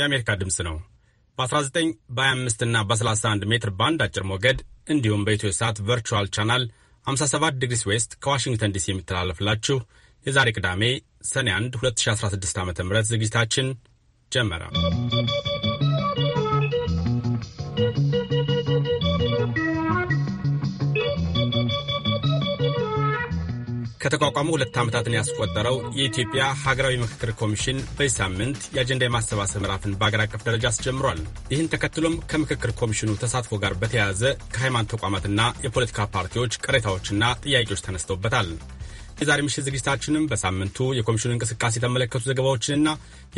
የአሜሪካ ድምፅ ነው። በ19 በ25 እና በ31 ሜትር ባንድ አጭር ሞገድ እንዲሁም በኢትዮ ሰዓት ቨርቹዋል ቻናል 57 ዲግሪስ ዌስት ከዋሽንግተን ዲሲ የሚተላለፍላችሁ የዛሬ ቅዳሜ ሰኔ 1 2016 ዓ ም ዝግጅታችን ጀመረ። ከተቋቋሙ ሁለት ዓመታትን ያስቆጠረው የኢትዮጵያ ሀገራዊ ምክክር ኮሚሽን በዚህ ሳምንት የአጀንዳ የማሰባሰብ ምዕራፍን በአገር አቀፍ ደረጃ አስጀምሯል። ይህን ተከትሎም ከምክክር ኮሚሽኑ ተሳትፎ ጋር በተያያዘ ከሃይማኖት ተቋማትና የፖለቲካ ፓርቲዎች ቅሬታዎችና ጥያቄዎች ተነስተውበታል። የዛሬ ምሽት ዝግጅታችንም በሳምንቱ የኮሚሽኑ እንቅስቃሴ የተመለከቱ ዘገባዎችንና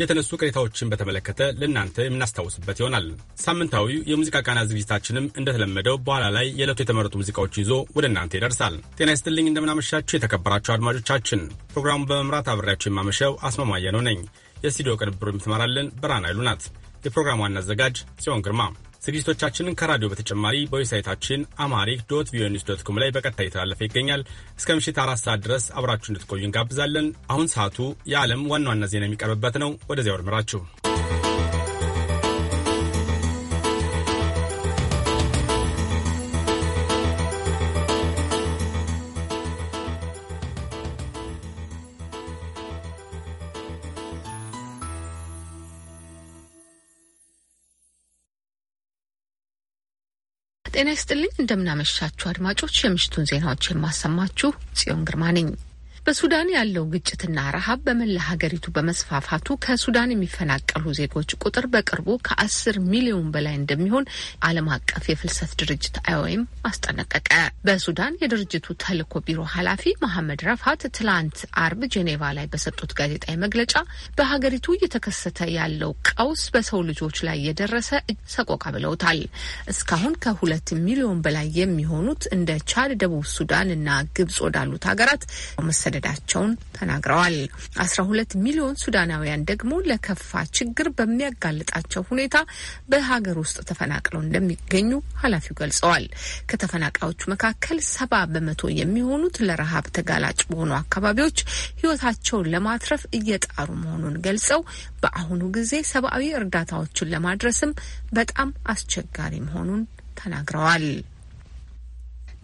የተነሱ ቅሬታዎችን በተመለከተ ለእናንተ የምናስታውስበት ይሆናል። ሳምንታዊው የሙዚቃ ቃና ዝግጅታችንም እንደተለመደው በኋላ ላይ የዕለቱ የተመረጡ ሙዚቃዎች ይዞ ወደ እናንተ ይደርሳል። ጤና ይስጥልኝ፣ እንደምናመሻችሁ የተከበራችሁ አድማጮቻችን። ፕሮግራሙን በመምራት አብሬያችሁ የማመሸው አስማማየ ነው ነኝ። የስቱዲዮ ቅንብሩ የምትመራልን ብርሃን ኃይሉ ናት። የፕሮግራሙ ዋና አዘጋጅ ጽዮን ግርማ ዝግጅቶቻችንን ከራዲዮ በተጨማሪ በዌብሳይታችን አማሪክ ዶት ቪኦኤ ኒውስ ዶት ኮም ላይ በቀጥታ የተላለፈ ይገኛል። እስከ ምሽት አራት ሰዓት ድረስ አብራችሁ እንድትቆዩ እንጋብዛለን። አሁን ሰዓቱ የዓለም ዋና ዋና ዜና የሚቀርብበት ነው። ወደዚያ ወድምራችሁ ጤና ይስጥልኝ። እንደምናመሻችሁ አድማጮች፣ የምሽቱን ዜናዎች የማሰማችሁ ጽዮን ግርማ ነኝ። በሱዳን ያለው ግጭትና ረሃብ በመላ ሀገሪቱ በመስፋፋቱ ከሱዳን የሚፈናቀሉ ዜጎች ቁጥር በቅርቡ ከአስር ሚሊዮን በላይ እንደሚሆን ዓለም አቀፍ የፍልሰት ድርጅት አይኦኤም አስጠነቀቀ። በሱዳን የድርጅቱ ተልኮ ቢሮ ኃላፊ መሐመድ ረፋት ትላንት አርብ ጄኔቫ ላይ በሰጡት ጋዜጣዊ መግለጫ በሀገሪቱ እየተከሰተ ያለው ቀውስ በሰው ልጆች ላይ የደረሰ ሰቆቃ ብለውታል። እስካሁን ከሁለት ሚሊዮን በላይ የሚሆኑት እንደ ቻድ፣ ደቡብ ሱዳን እና ግብጽ ወዳሉት ሀገራት መሰደዳቸውን ተናግረዋል። አስራ ሁለት ሚሊዮን ሱዳናውያን ደግሞ ለከፋ ችግር በሚያጋልጣቸው ሁኔታ በሀገር ውስጥ ተፈናቅለው እንደሚገኙ ኃላፊው ገልጸዋል። ከተፈናቃዮቹ መካከል ሰባ በመቶ የሚሆኑት ለረሃብ ተጋላጭ በሆኑ አካባቢዎች ህይወታቸውን ለማትረፍ እየጣሩ መሆኑን ገልጸው በአሁኑ ጊዜ ሰብአዊ እርዳታዎችን ለማድረስም በጣም አስቸጋሪ መሆኑን ተናግረዋል።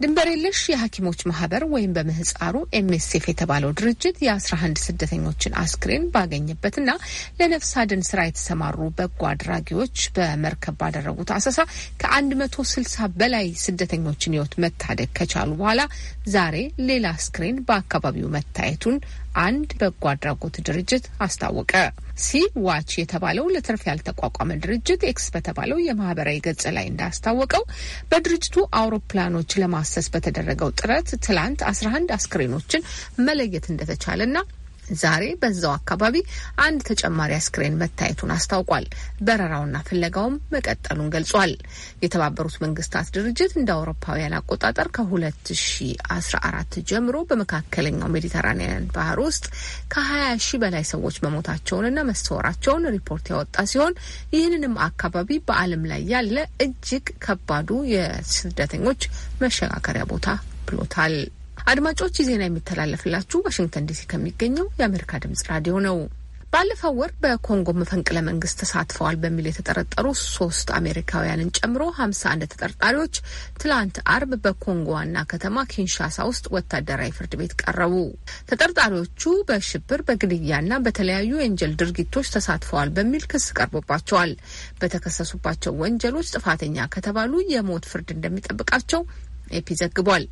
ድንበር የለሽ የሐኪሞች ማህበር ወይም በምህፃሩ ኤምኤስኤፍ የተባለው ድርጅት የ11 ስደተኞችን አስክሬን ባገኘበትና ለነፍስ አድን ስራ የተሰማሩ በጎ አድራጊዎች በመርከብ ባደረጉት አሰሳ ከ160 በላይ ስደተኞችን ህይወት መታደግ ከቻሉ በኋላ ዛሬ ሌላ አስክሬን በአካባቢው መታየቱን አንድ በጎ አድራጎት ድርጅት አስታወቀ። ሲ ዋች የተባለው ለትርፍ ያልተቋቋመ ድርጅት ኤክስ በተባለው የማህበራዊ ገጽ ላይ እንዳስታወቀው በድርጅቱ አውሮፕላኖች ለማሰስ በተደረገው ጥረት ትላንት 11 አስክሬኖችን መለየት እንደተቻለና ዛሬ በዛው አካባቢ አንድ ተጨማሪ አስክሬን መታየቱን አስታውቋል። በረራውና ፍለጋውም መቀጠሉን ገልጿል። የተባበሩት መንግስታት ድርጅት እንደ አውሮፓውያን አቆጣጠር ከ2014 ጀምሮ በመካከለኛው ሜዲተራኒያን ባህር ውስጥ ከ20 ሺህ በላይ ሰዎች መሞታቸውንና መሰወራቸውን ሪፖርት ያወጣ ሲሆን ይህንንም አካባቢ በዓለም ላይ ያለ እጅግ ከባዱ የስደተኞች መሸጋገሪያ ቦታ ብሎታል። አድማጮች ዜና የሚተላለፍላችሁ ዋሽንግተን ዲሲ ከሚገኘው የአሜሪካ ድምጽ ራዲዮ ነው። ባለፈው ወር በኮንጎ መፈንቅለ መንግስት ተሳትፈዋል በሚል የተጠረጠሩ ሶስት አሜሪካውያንን ጨምሮ ሀምሳ አንድ ተጠርጣሪዎች ትላንት አርብ በኮንጎ ዋና ከተማ ኪንሻሳ ውስጥ ወታደራዊ ፍርድ ቤት ቀረቡ። ተጠርጣሪዎቹ በሽብር በግድያና በተለያዩ የወንጀል ድርጊቶች ተሳትፈዋል በሚል ክስ ቀርቦባቸዋል። በተከሰሱባቸው ወንጀሎች ጥፋተኛ ከተባሉ የሞት ፍርድ እንደሚጠብቃቸው ኤፒ ዘግቧል።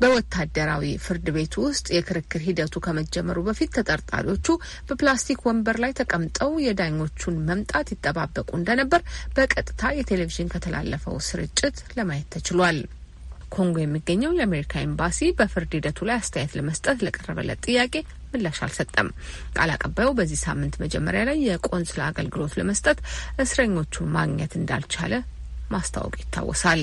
በወታደራዊ ፍርድ ቤት ውስጥ የክርክር ሂደቱ ከመጀመሩ በፊት ተጠርጣሪዎቹ በፕላስቲክ ወንበር ላይ ተቀምጠው የዳኞቹን መምጣት ይጠባበቁ እንደነበር በቀጥታ የቴሌቪዥን ከተላለፈው ስርጭት ለማየት ተችሏል። ኮንጎ የሚገኘው የአሜሪካ ኤምባሲ በፍርድ ሂደቱ ላይ አስተያየት ለመስጠት ለቀረበለት ጥያቄ ምላሽ አልሰጠም። ቃል አቀባዩ በዚህ ሳምንት መጀመሪያ ላይ የቆንስላ አገልግሎት ለመስጠት እስረኞቹን ማግኘት እንዳልቻለ ማስታወቅ ይታወሳል።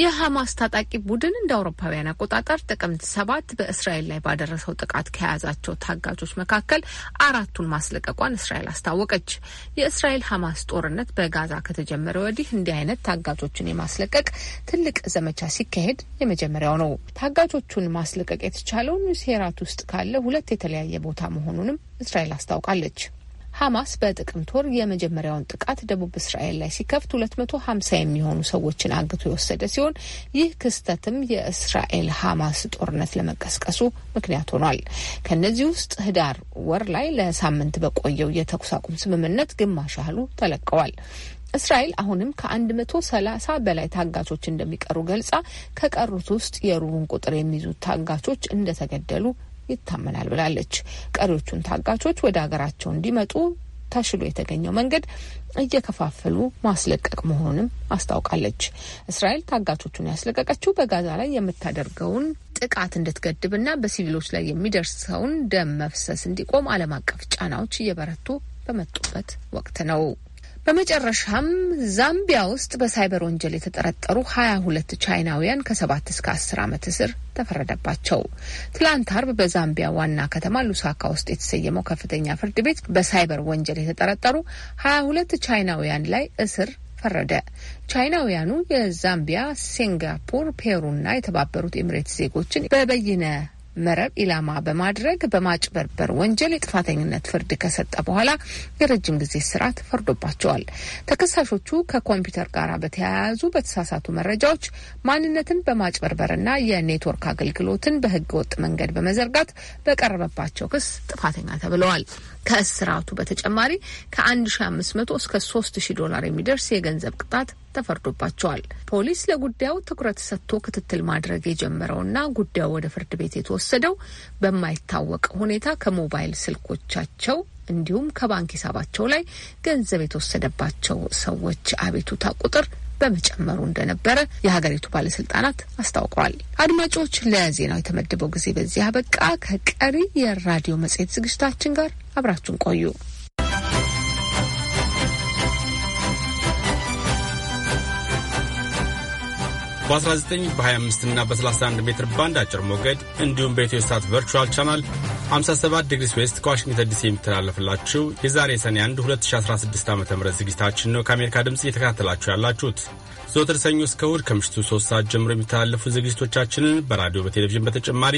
የሐማስ ታጣቂ ቡድን እንደ አውሮፓውያን አቆጣጠር ጥቅምት ሰባት በእስራኤል ላይ ባደረሰው ጥቃት ከያዛቸው ታጋቾች መካከል አራቱን ማስለቀቋን እስራኤል አስታወቀች። የእስራኤል ሐማስ ጦርነት በጋዛ ከተጀመረ ወዲህ እንዲህ አይነት ታጋቾችን የማስለቀቅ ትልቅ ዘመቻ ሲካሄድ የመጀመሪያው ነው። ታጋቾቹን ማስለቀቅ የተቻለውን ሴራት ውስጥ ካለ ሁለት የተለያየ ቦታ መሆኑንም እስራኤል አስታውቃለች። ሐማስ በጥቅምት ወር የመጀመሪያውን ጥቃት ደቡብ እስራኤል ላይ ሲከፍት ሁለት መቶ የሚሆኑ ሰዎችን አግቶ የወሰደ ሲሆን ይህ ክስተትም የእስራኤል ሐማስ ጦርነት ለመቀስቀሱ ምክንያት ሆኗል። ከእነዚህ ውስጥ ህዳር ወር ላይ ለሳምንት በቆየው የተኩስ አቁም ስምምነት ግማሽ ያህሉ ተለቀዋል። እስራኤል አሁንም ከ130 በላይ ታጋቾች እንደሚቀሩ ገልጻ ከቀሩት ውስጥ የሩቡን ቁጥር የሚይዙት ታጋቾች እንደተገደሉ ይታመናል ብላለች። ቀሪዎቹን ታጋቾች ወደ ሀገራቸው እንዲመጡ ተሽሎ የተገኘው መንገድ እየከፋፈሉ ማስለቀቅ መሆኑንም አስታውቃለች። እስራኤል ታጋቾቹን ያስለቀቀችው በጋዛ ላይ የምታደርገውን ጥቃት እንድትገድብና በሲቪሎች ላይ የሚደርሰውን ደም መፍሰስ እንዲቆም ዓለም አቀፍ ጫናዎች እየበረቱ በመጡበት ወቅት ነው። በመጨረሻም ዛምቢያ ውስጥ በሳይበር ወንጀል የተጠረጠሩ ሀያ ሁለት ቻይናውያን ከሰባት እስከ አስር ዓመት እስር ተፈረደባቸው። ትላንት አርብ በዛምቢያ ዋና ከተማ ሉሳካ ውስጥ የተሰየመው ከፍተኛ ፍርድ ቤት በሳይበር ወንጀል የተጠረጠሩ ሀያ ሁለት ቻይናውያን ላይ እስር ፈረደ። ቻይናውያኑ የዛምቢያ፣ ሲንጋፖር፣ ፔሩና የተባበሩት ኤምሬት ዜጎችን በበይነ መረብ ኢላማ በማድረግ በማጭበርበር ወንጀል የጥፋተኝነት ፍርድ ከሰጠ በኋላ የረጅም ጊዜ እስራት ፈርዶባቸዋል። ተከሳሾቹ ከኮምፒውተር ጋር በተያያዙ በተሳሳቱ መረጃዎች ማንነትን በማጭበርበርና የኔትወርክ አገልግሎትን በህገ ወጥ መንገድ በመዘርጋት በቀረበባቸው ክስ ጥፋተኛ ተብለዋል። ከእስራቱ በተጨማሪ ከ1500 እስከ 3000 ዶላር የሚደርስ የገንዘብ ቅጣት ተፈርዶባቸዋል። ፖሊስ ለጉዳዩ ትኩረት ሰጥቶ ክትትል ማድረግ የጀመረውና ጉዳዩ ወደ ፍርድ ቤት የተወሰደው በማይታወቅ ሁኔታ ከሞባይል ስልኮቻቸው እንዲሁም ከባንክ ሂሳባቸው ላይ ገንዘብ የተወሰደባቸው ሰዎች አቤቱታ ቁጥር በመጨመሩ እንደነበረ የሀገሪቱ ባለስልጣናት አስታውቀዋል። አድማጮች፣ ለዜናው የተመደበው ጊዜ በዚህ አበቃ። ከቀሪ የራዲዮ መጽሔት ዝግጅታችን ጋር አብራችሁን ቆዩ። በ19 በ25 እና በ31 ሜትር ባንድ አጭር ሞገድ እንዲሁም በኢትዮ ሳት ቨርቹዋል ቻናል 57 ዲግሪ ስዌስት ከዋሽንግተን ዲሲ የሚተላለፍላችሁ የዛሬ ሰኔ 1 2016 ዓ ም ዝግጅታችን ነው ከአሜሪካ ድምፅ እየተከታተላችሁ ያላችሁት። ዘወትር ሰኞ እስከ እሁድ ከምሽቱ 3 ሰዓት ጀምሮ የሚተላለፉ ዝግጅቶቻችንን በራዲዮ በቴሌቪዥን በተጨማሪ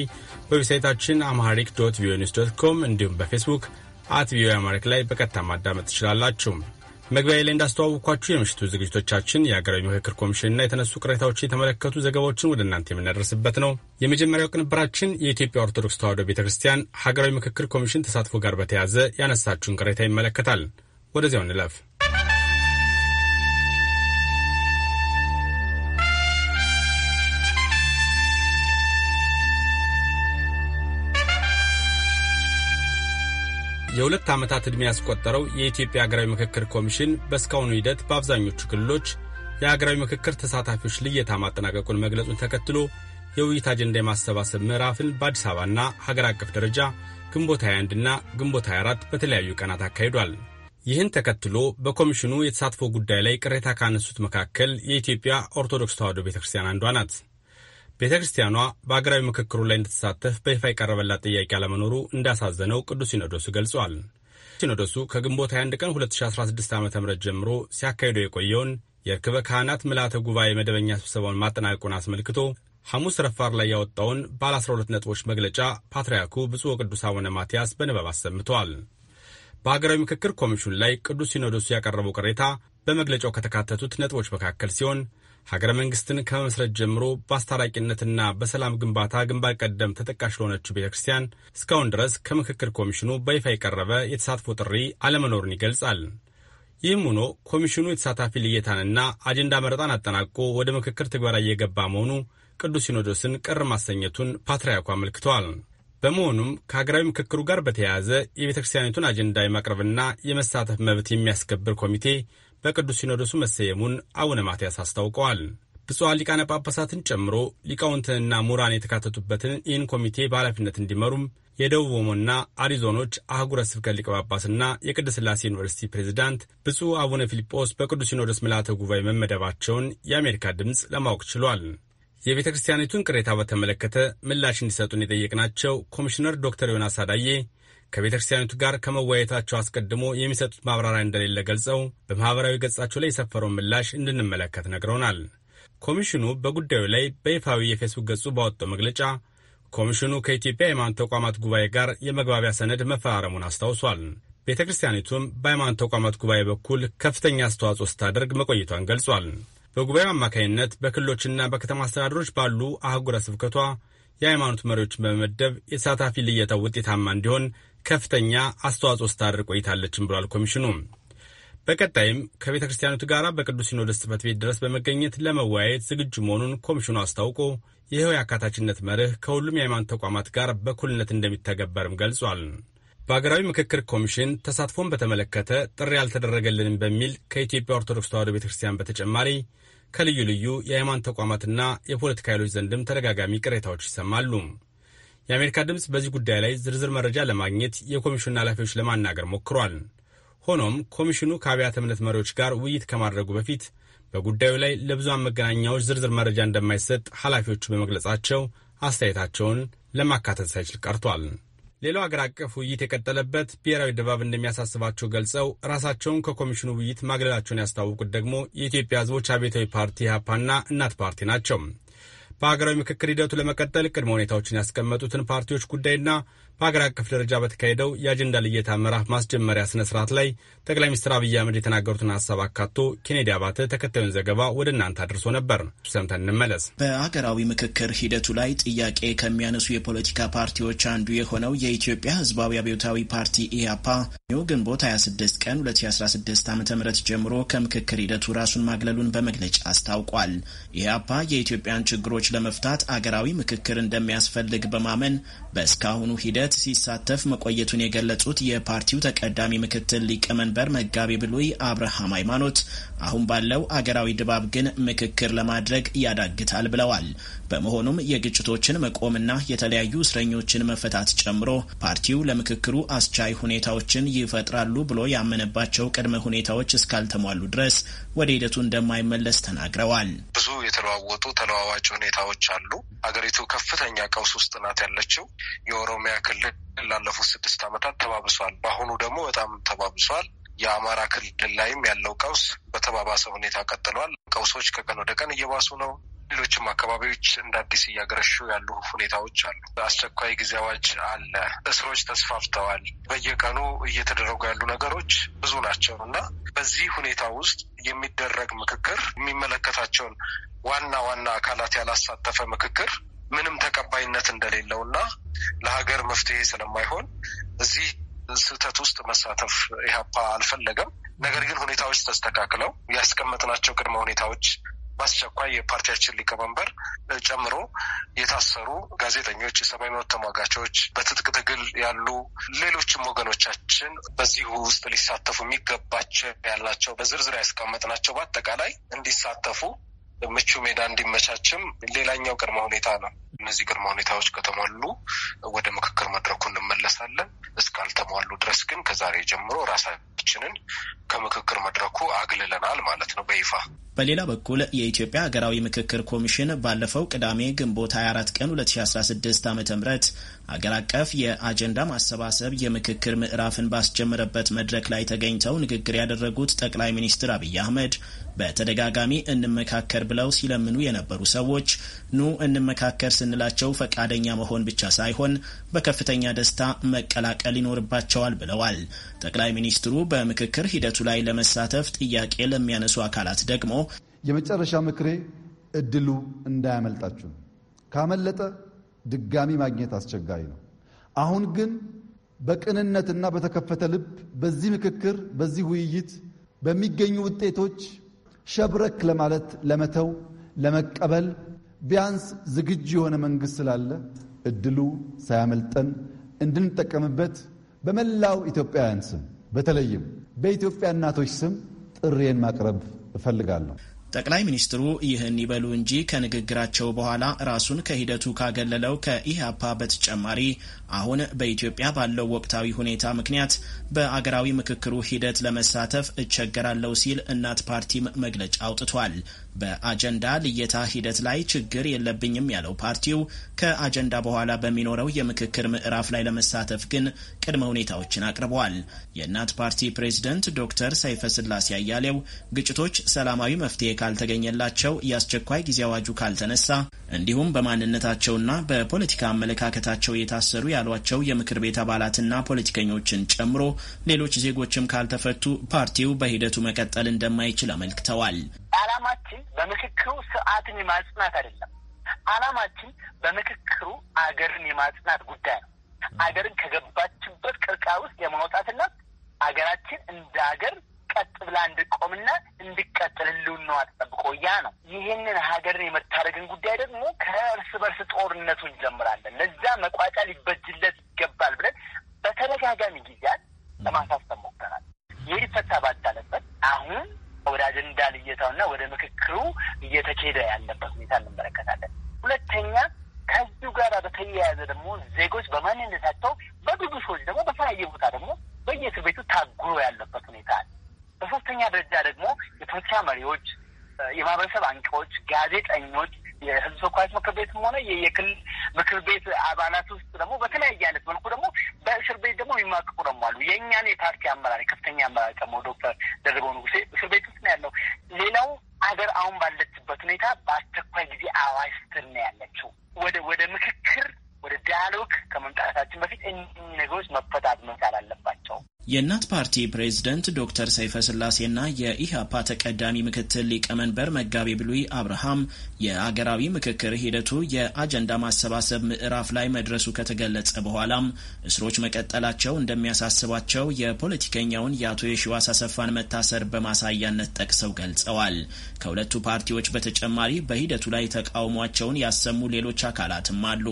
በዌብሳይታችን አምሃሪክ ዶት ቪኦኤ ኒውስ ዶት ኮም እንዲሁም በፌስቡክ አት ቪኦኤ አማሪክ ላይ በቀጥታ ማዳመጥ ትችላላችሁ። መግቢያ ላይ እንዳስተዋወቅኳችሁ የምሽቱ ዝግጅቶቻችን የሀገራዊ ምክክር ኮሚሽንና የተነሱ ቅሬታዎችን የተመለከቱ ዘገባዎችን ወደ እናንተ የምናደርስበት ነው። የመጀመሪያው ቅንብራችን የኢትዮጵያ ኦርቶዶክስ ተዋሕዶ ቤተ ክርስቲያን ሀገራዊ ምክክር ኮሚሽን ተሳትፎ ጋር በተያያዘ ያነሳችውን ቅሬታ ይመለከታል። ወደዚያው እንለፍ። የሁለት ዓመታት ዕድሜ ያስቆጠረው የኢትዮጵያ ሀገራዊ ምክክር ኮሚሽን በእስካሁኑ ሂደት በአብዛኞቹ ክልሎች የአገራዊ ምክክር ተሳታፊዎች ልየታ ማጠናቀቁን መግለጹን ተከትሎ የውይይት አጀንዳ የማሰባሰብ ምዕራፍን በአዲስ አበባና ሀገር አቀፍ ደረጃ ግንቦት 21ና ግንቦት 24 በተለያዩ ቀናት አካሂዷል። ይህን ተከትሎ በኮሚሽኑ የተሳትፎ ጉዳይ ላይ ቅሬታ ካነሱት መካከል የኢትዮጵያ ኦርቶዶክስ ተዋሕዶ ቤተ ክርስቲያን አንዷ ናት። ቤተ ክርስቲያኗ በአገራዊ ምክክሩ ላይ እንድትሳተፍ በይፋ የቀረበላት ጥያቄ አለመኖሩ እንዳሳዘነው ቅዱስ ሲኖዶሱ ገልጿል። ሲኖዶሱ ከግንቦት 21 ቀን 2016 ዓ ም ጀምሮ ሲያካሂደው የቆየውን የርክበ ካህናት ምልአተ ጉባኤ መደበኛ ስብሰባውን ማጠናቀቁን አስመልክቶ ሐሙስ ረፋር ላይ ያወጣውን ባለ 12 ነጥቦች መግለጫ ፓትርያርኩ ብፁዕ ወቅዱስ አቡነ ማትያስ በንባብ አሰምተዋል። በአገራዊ ምክክር ኮሚሽን ላይ ቅዱስ ሲኖዶሱ ያቀረበው ቅሬታ በመግለጫው ከተካተቱት ነጥቦች መካከል ሲሆን ሀገረ መንግስትን ከመመስረት ጀምሮ በአስታራቂነትና በሰላም ግንባታ ግንባር ቀደም ተጠቃሽ ለሆነችው ቤተ ክርስቲያን እስካሁን ድረስ ከምክክር ኮሚሽኑ በይፋ የቀረበ የተሳትፎ ጥሪ አለመኖሩን ይገልጻል። ይህም ሆኖ ኮሚሽኑ የተሳታፊ ልየታንና አጀንዳ መረጣን አጠናቆ ወደ ምክክር ትግበራ እየገባ መሆኑ ቅዱስ ሲኖዶስን ቅር ማሰኘቱን ፓትርያርኩ አመልክተዋል። በመሆኑም ከሀገራዊ ምክክሩ ጋር በተያያዘ የቤተ ክርስቲያኒቱን አጀንዳ የማቅረብና የመሳተፍ መብት የሚያስከብር ኮሚቴ በቅዱስ ሲኖዶሱ መሰየሙን አቡነ ማትያስ አስታውቀዋል። ብፁዓን ሊቃነ ጳጳሳትን ጨምሮ ሊቃውንትንና ምሁራን የተካተቱበትን ይህን ኮሚቴ በኃላፊነት እንዲመሩም የደቡብ ኦሞና አሪዞኖች አህጉረ ስብከት ሊቀ ጳጳስና የቅድስት ሥላሴ ዩኒቨርሲቲ ፕሬዚዳንት ብፁዕ አቡነ ፊልጶስ በቅዱስ ሲኖዶስ ምልዓተ ጉባኤ መመደባቸውን የአሜሪካ ድምፅ ለማወቅ ችሏል። የቤተ ክርስቲያኒቱን ቅሬታ በተመለከተ ምላሽ እንዲሰጡን የጠየቅናቸው ኮሚሽነር ዶክተር ዮናስ አዳዬ ከቤተ ክርስቲያኒቱ ጋር ከመወያየታቸው አስቀድሞ የሚሰጡት ማብራሪያ እንደሌለ ገልጸው በማኅበራዊ ገጻቸው ላይ የሰፈረውን ምላሽ እንድንመለከት ነግረውናል። ኮሚሽኑ በጉዳዩ ላይ በይፋዊ የፌስቡክ ገጹ ባወጣው መግለጫ ኮሚሽኑ ከኢትዮጵያ የሃይማኖት ተቋማት ጉባኤ ጋር የመግባቢያ ሰነድ መፈራረሙን አስታውሷል። ቤተ ክርስቲያኒቱም በሃይማኖት ተቋማት ጉባኤ በኩል ከፍተኛ አስተዋጽኦ ስታደርግ መቆየቷን ገልጿል። በጉባኤው አማካኝነት በክልሎችና በከተማ አስተዳደሮች ባሉ አህጉረ ስብከቷ የሃይማኖት መሪዎችን በመመደብ የተሳታፊ ልየታው ውጤታማ እንዲሆን ከፍተኛ አስተዋጽኦ ስታደርግ ቆይታለችም ብሏል ኮሚሽኑ። በቀጣይም ከቤተ ክርስቲያኖቱ ጋር በቅዱስ ሲኖዶስ ጽሕፈት ቤት ድረስ በመገኘት ለመወያየት ዝግጁ መሆኑን ኮሚሽኑ አስታውቆ ይኸው የአካታችነት መርህ ከሁሉም የሃይማኖት ተቋማት ጋር በኩልነት እንደሚተገበርም ገልጿል። በአገራዊ ምክክር ኮሚሽን ተሳትፎን በተመለከተ ጥሪ ያልተደረገልንም በሚል ከኢትዮጵያ ኦርቶዶክስ ተዋሕዶ ቤተ ክርስቲያን በተጨማሪ ከልዩ ልዩ የሃይማኖት ተቋማትና የፖለቲካ ኃይሎች ዘንድም ተደጋጋሚ ቅሬታዎች ይሰማሉ። የአሜሪካ ድምፅ በዚህ ጉዳይ ላይ ዝርዝር መረጃ ለማግኘት የኮሚሽኑን ኃላፊዎች ለማናገር ሞክሯል። ሆኖም ኮሚሽኑ ከአብያተ እምነት መሪዎች ጋር ውይይት ከማድረጉ በፊት በጉዳዩ ላይ ለብዙሃን መገናኛዎች ዝርዝር መረጃ እንደማይሰጥ ኃላፊዎቹ በመግለጻቸው አስተያየታቸውን ለማካተት ሳይችል ቀርቷል። ሌላው አገር አቀፍ ውይይት የቀጠለበት ብሔራዊ ድባብ እንደሚያሳስባቸው ገልጸው ራሳቸውን ከኮሚሽኑ ውይይት ማግለላቸውን ያስታወቁት ደግሞ የኢትዮጵያ ሕዝቦች አብዮታዊ ፓርቲ ኢሕአፓና እናት ፓርቲ ናቸው። በሀገራዊ ምክክር ሂደቱ ለመቀጠል ቅድመ ሁኔታዎችን ያስቀመጡትን ፓርቲዎች ጉዳይና በሀገር አቀፍ ደረጃ በተካሄደው የአጀንዳ ልየታ ምዕራፍ ማስጀመሪያ ስነ ስርዓት ላይ ጠቅላይ ሚኒስትር አብይ አህመድ የተናገሩትን ሀሳብ አካቶ ኬኔዲ አባተ ተከታዩን ዘገባ ወደ እናንተ አድርሶ ነበር። ሰምተን እንመለስ። በሀገራዊ ምክክር ሂደቱ ላይ ጥያቄ ከሚያነሱ የፖለቲካ ፓርቲዎች አንዱ የሆነው የኢትዮጵያ ህዝባዊ አብዮታዊ ፓርቲ ኢህአፓ ግንቦት 26 ቀን 2016 ዓ ም ጀምሮ ከምክክር ሂደቱ ራሱን ማግለሉን በመግለጫ አስታውቋል። ኢያፓ የኢትዮጵያን ችግሮች ለመፍታት አገራዊ ምክክር እንደሚያስፈልግ በማመን በእስካሁኑ ሂደት ሂደት ሲሳተፍ መቆየቱን የገለጹት የፓርቲው ተቀዳሚ ምክትል ሊቀመንበር መጋቤ ብሉይ አብርሃም ሃይማኖት አሁን ባለው አገራዊ ድባብ ግን ምክክር ለማድረግ ያዳግታል ብለዋል። በመሆኑም የግጭቶችን መቆምና የተለያዩ እስረኞችን መፈታት ጨምሮ ፓርቲው ለምክክሩ አስቻይ ሁኔታዎችን ይፈጥራሉ ብሎ ያመነባቸው ቅድመ ሁኔታዎች እስካልተሟሉ ድረስ ወደ ሂደቱ እንደማይመለስ ተናግረዋል። ብዙ የተለዋወጡ ተለዋዋጭ ሁኔታዎች አሉ። አገሪቱ ከፍተኛ ቀውስ ውስጥ ናት ያለችው። የኦሮሚያ ክልል ላለፉት ስድስት ዓመታት ተባብሷል። በአሁኑ ደግሞ በጣም ተባብሷል። የአማራ ክልል ላይም ያለው ቀውስ በተባባሰ ሁኔታ ቀጥሏል። ቀውሶች ከቀን ወደ ቀን እየባሱ ነው። ሌሎችም አካባቢዎች እንደ አዲስ እያገረሹ ያሉ ሁኔታዎች አሉ። አስቸኳይ ጊዜ አዋጅ አለ። እስሮች ተስፋፍተዋል። በየቀኑ እየተደረጉ ያሉ ነገሮች ብዙ ናቸው እና በዚህ ሁኔታ ውስጥ የሚደረግ ምክክር የሚመለከታቸውን ዋና ዋና አካላት ያላሳተፈ ምክክር ምንም ተቀባይነት እንደሌለው እና ለሀገር መፍትሄ ስለማይሆን እዚህ ስህተት ውስጥ መሳተፍ ኢህአፓ አልፈለገም። ነገር ግን ሁኔታዎች ተስተካክለው ያስቀመጥናቸው ቅድመ ሁኔታዎች በአስቸኳይ የፓርቲያችን ሊቀመንበር ጨምሮ የታሰሩ ጋዜጠኞች፣ የሰብአዊ መብት ተሟጋቾች፣ በትጥቅ ትግል ያሉ ሌሎችም ወገኖቻችን በዚሁ ውስጥ ሊሳተፉ የሚገባቸው ያላቸው በዝርዝር ያስቀመጥናቸው በአጠቃላይ እንዲሳተፉ ምቹ ሜዳ እንዲመቻችም ሌላኛው ቅድመ ሁኔታ ነው። እነዚህ ቅድመ ሁኔታዎች ከተሟሉ ወደ ምክክር መድረኩ እንመለሳለን። እስካልተሟሉ ድረስ ግን ከዛሬ ጀምሮ ራሳችንን ከምክክር መድረኩ አግልለናል ማለት ነው በይፋ በሌላ በኩል የኢትዮጵያ ሀገራዊ ምክክር ኮሚሽን ባለፈው ቅዳሜ ግንቦት 24 ቀን 2016 ዓ ም አገር አቀፍ የአጀንዳ ማሰባሰብ የምክክር ምዕራፍን ባስጀመረበት መድረክ ላይ ተገኝተው ንግግር ያደረጉት ጠቅላይ ሚኒስትር አብይ አህመድ በተደጋጋሚ እንመካከር ብለው ሲለምኑ የነበሩ ሰዎች ኑ እንመካከር ስንላቸው ፈቃደኛ መሆን ብቻ ሳይሆን በከፍተኛ ደስታ መቀላቀል ይኖርባቸዋል ብለዋል። ጠቅላይ ሚኒስትሩ በምክክር ሂደቱ ላይ ለመሳተፍ ጥያቄ ለሚያነሱ አካላት ደግሞ የመጨረሻ ምክሬ እድሉ እንዳያመልጣችሁ፣ ካመለጠ ድጋሚ ማግኘት አስቸጋሪ ነው። አሁን ግን በቅንነትና በተከፈተ ልብ በዚህ ምክክር በዚህ ውይይት በሚገኙ ውጤቶች ሸብረክ ለማለት ለመተው ለመቀበል ቢያንስ ዝግጅ የሆነ መንግስት ስላለ እድሉ ሳያመልጠን እንድንጠቀምበት በመላው ኢትዮጵያውያን ስም በተለይም በኢትዮጵያ እናቶች ስም ጥሬን ማቅረብ እፈልጋለሁ። ጠቅላይ ሚኒስትሩ ይህን ይበሉ እንጂ ከንግግራቸው በኋላ ራሱን ከሂደቱ ካገለለው ከኢህአፓ በተጨማሪ አሁን በኢትዮጵያ ባለው ወቅታዊ ሁኔታ ምክንያት በአገራዊ ምክክሩ ሂደት ለመሳተፍ እቸገራለሁ ሲል እናት ፓርቲም መግለጫ አውጥቷል። በአጀንዳ ልየታ ሂደት ላይ ችግር የለብኝም ያለው ፓርቲው ከአጀንዳ በኋላ በሚኖረው የምክክር ምዕራፍ ላይ ለመሳተፍ ግን ቅድመ ሁኔታዎችን አቅርበዋል። የእናት ፓርቲ ፕሬዝደንት ዶክተር ሰይፈ ስላሴ አያሌው ግጭቶች ሰላማዊ መፍትሄ ካልተገኘላቸው፣ የአስቸኳይ ጊዜ አዋጁ ካልተነሳ፣ እንዲሁም በማንነታቸውና በፖለቲካ አመለካከታቸው የታሰሩ ያ ያሏቸው የምክር ቤት አባላትና ፖለቲከኞችን ጨምሮ ሌሎች ዜጎችም ካልተፈቱ ፓርቲው በሂደቱ መቀጠል እንደማይችል አመልክተዋል። አላማችን በምክክሩ ስርዓትን የማጽናት አይደለም። አላማችን በምክክሩ አገርን የማጽናት ጉዳይ ነው። አገርን ከገባችበት ቅርቃ ውስጥ የማውጣትና አገራችን እንደ አገር ቀጥ ብላ እንድቆምና እንድቀጥል ህልውናዋ ተጠብቆ ያ ነው። ይህንን ሀገርን የመታደግን ጉዳይ ደግሞ ከእርስ በርስ ጦርነቱ እንጀምራለን። ለዛ መቋጫ ሊበጅለት ይገባል ብለን በተደጋጋሚ ጊዜያት ለማሳሰብ ሞክረናል። ይህ ሊፈታ ባልቻለበት አሁን ወደ አጀንዳ ልየታውና ወደ ምክክሩ እየተኬደ ያለበት ሁኔታ እንመለከታለን። ሁለተኛ ከዚሁ ጋር በተያያዘ ደግሞ ዜጎች በማንነታቸው በብዙ ሰዎች ደግሞ በተለያየ ቦታ ደግሞ በየእስር ቤቱ ታጉሮ ያለበት ሁኔታ አለ። በሶስተኛ ደረጃ ደግሞ የፖለቲካ መሪዎች፣ የማህበረሰብ አንቂዎች፣ ጋዜጠኞች የህዝብ ተወካዮች ምክር ቤትም ሆነ የክልል ምክር ቤት አባላት ውስጥ ደግሞ በተለያየ አይነት መልኩ ደግሞ በእስር ቤት ደግሞ የሚማቅቁ ደግሞ አሉ። የእኛን የፓርቲ አመራር የከፍተኛ አመራር ጨሞ ዶክተር ደርበው ንጉሴ እስር ቤት ውስጥ ነው ያለው። ሌላው አገር አሁን ባለችበት ሁኔታ በአስቸኳይ ጊዜ አዋጅ ስር ነው ያለችው። ወደ ወደ ምክክር ወደ ዳያሎግ ከመምጣታችን በፊት እኚህ ነገሮች መፈታት መቻል አለባቸው። የእናት ፓርቲ ፕሬዝደንት ዶክተር ሰይፈ ስላሴና የኢህአፓ ተቀዳሚ ምክትል ሊቀመንበር መጋቤ ብሉይ አብርሃም የአገራዊ ምክክር ሂደቱ የአጀንዳ ማሰባሰብ ምዕራፍ ላይ መድረሱ ከተገለጸ በኋላም እስሮች መቀጠላቸው እንደሚያሳስባቸው የፖለቲከኛውን የአቶ የሺዋስ አሰፋን መታሰር በማሳያነት ጠቅሰው ገልጸዋል። ከሁለቱ ፓርቲዎች በተጨማሪ በሂደቱ ላይ ተቃውሟቸውን ያሰሙ ሌሎች አካላትም አሉ።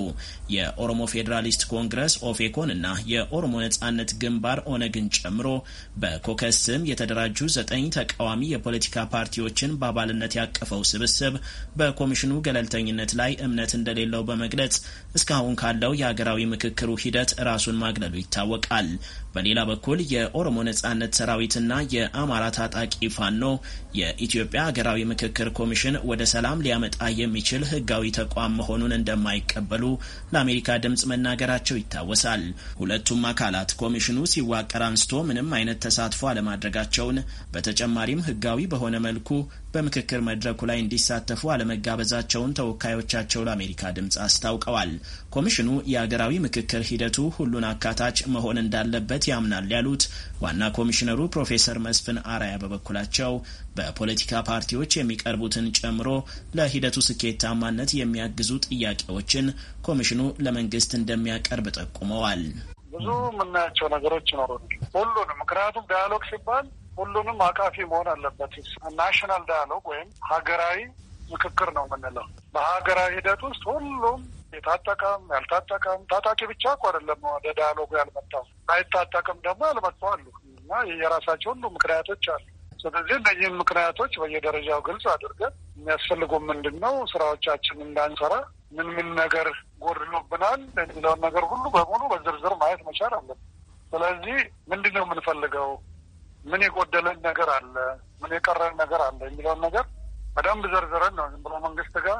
የኦሮሞ ፌዴራሊስት ኮንግረስ ኦፌኮን እና የኦሮሞ ነጻነት ግንባር ኦነግ ኦህዴድን ጨምሮ በኮከስ ስም የተደራጁ ዘጠኝ ተቃዋሚ የፖለቲካ ፓርቲዎችን በአባልነት ያቀፈው ስብስብ በኮሚሽኑ ገለልተኝነት ላይ እምነት እንደሌለው በመግለጽ እስካሁን ካለው የሀገራዊ ምክክሩ ሂደት ራሱን ማግለሉ ይታወቃል። በሌላ በኩል የኦሮሞ ነጻነት ሰራዊትና የአማራ ታጣቂ ፋኖ የኢትዮጵያ ሀገራዊ ምክክር ኮሚሽን ወደ ሰላም ሊያመጣ የሚችል ህጋዊ ተቋም መሆኑን እንደማይቀበሉ ለአሜሪካ ድምፅ መናገራቸው ይታወሳል። ሁለቱም አካላት ኮሚሽኑ ሲዋቀር አንስቶ ምንም አይነት ተሳትፎ አለማድረጋቸውን በተጨማሪም ህጋዊ በሆነ መልኩ በምክክር መድረኩ ላይ እንዲሳተፉ አለመጋበዛቸውን ተወካዮቻቸው ለአሜሪካ ድምፅ አስታውቀዋል። ኮሚሽኑ የአገራዊ ምክክር ሂደቱ ሁሉን አካታች መሆን እንዳለበት ያምናል ያሉት ዋና ኮሚሽነሩ ፕሮፌሰር መስፍን አራያ በበኩላቸው በፖለቲካ ፓርቲዎች የሚቀርቡትን ጨምሮ ለሂደቱ ስኬታማነት የሚያግዙ ጥያቄዎችን ኮሚሽኑ ለመንግስት እንደሚያቀርብ ጠቁመዋል። ብዙ የምናያቸው ነገሮች ይኖሩ ሁሉንም። ምክንያቱም ዳያሎግ ሲባል ሁሉንም አቃፊ መሆን አለበት። ናሽናል ዳያሎግ ወይም ሀገራዊ ምክክር ነው የምንለው። በሀገራዊ ሂደት ውስጥ ሁሉም የታጠቀም ያልታጠቀም፣ ታጣቂ ብቻ እኮ አይደለም ወደ ዳያሎጉ ያልመጣው። አይታጠቅም ደግሞ ያልመጣው አሉ እና የራሳቸው ሁሉ ምክንያቶች አሉ። ስለዚህ እነዚህም ምክንያቶች በየደረጃው ግልጽ አድርገን የሚያስፈልጉ ምንድን ነው ስራዎቻችን እንዳንሰራ ምን ምን ነገር ጎድሎብናል የሚለውን ነገር ሁሉ በሙሉ በዝርዝር ማየት መቻል አለን። ስለዚህ ምንድን ነው የምንፈልገው፣ ምን የጎደለን ነገር አለ፣ ምን የቀረን ነገር አለ የሚለውን ነገር በደንብ ዘርዝረን ነው ዝም ብሎ መንግስት ጋር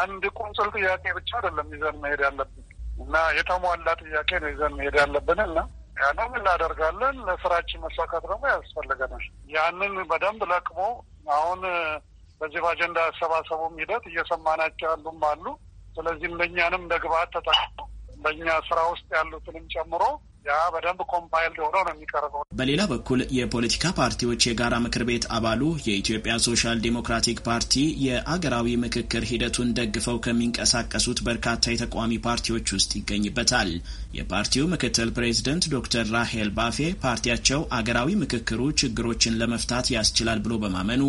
አንድ ቁንጽል ጥያቄ ብቻ አይደለም ይዘን መሄድ ያለብን እና የተሟላ ጥያቄ ነው ይዘን መሄድ ያለብን እና ያንን እናደርጋለን። ለስራችን መሳካት ደግሞ ያስፈልገናል። ያንን በደንብ ለቅሞ አሁን በዚህ በአጀንዳ አሰባሰቡም ሂደት እየሰማናቸው ያሉም አሉ ስለዚህም በእኛንም በግብአት ተጠቅሞ በእኛ ስራ ውስጥ ያሉትንም ጨምሮ ያ በደንብ ኮምፓይልድ ሆኖ ነው የሚቀርበው። በሌላ በኩል የፖለቲካ ፓርቲዎች የጋራ ምክር ቤት አባሉ የኢትዮጵያ ሶሻል ዴሞክራቲክ ፓርቲ የአገራዊ ምክክር ሂደቱን ደግፈው ከሚንቀሳቀሱት በርካታ የተቃዋሚ ፓርቲዎች ውስጥ ይገኝበታል። የፓርቲው ምክትል ፕሬዝደንት ዶክተር ራሄል ባፌ ፓርቲያቸው አገራዊ ምክክሩ ችግሮችን ለመፍታት ያስችላል ብሎ በማመኑ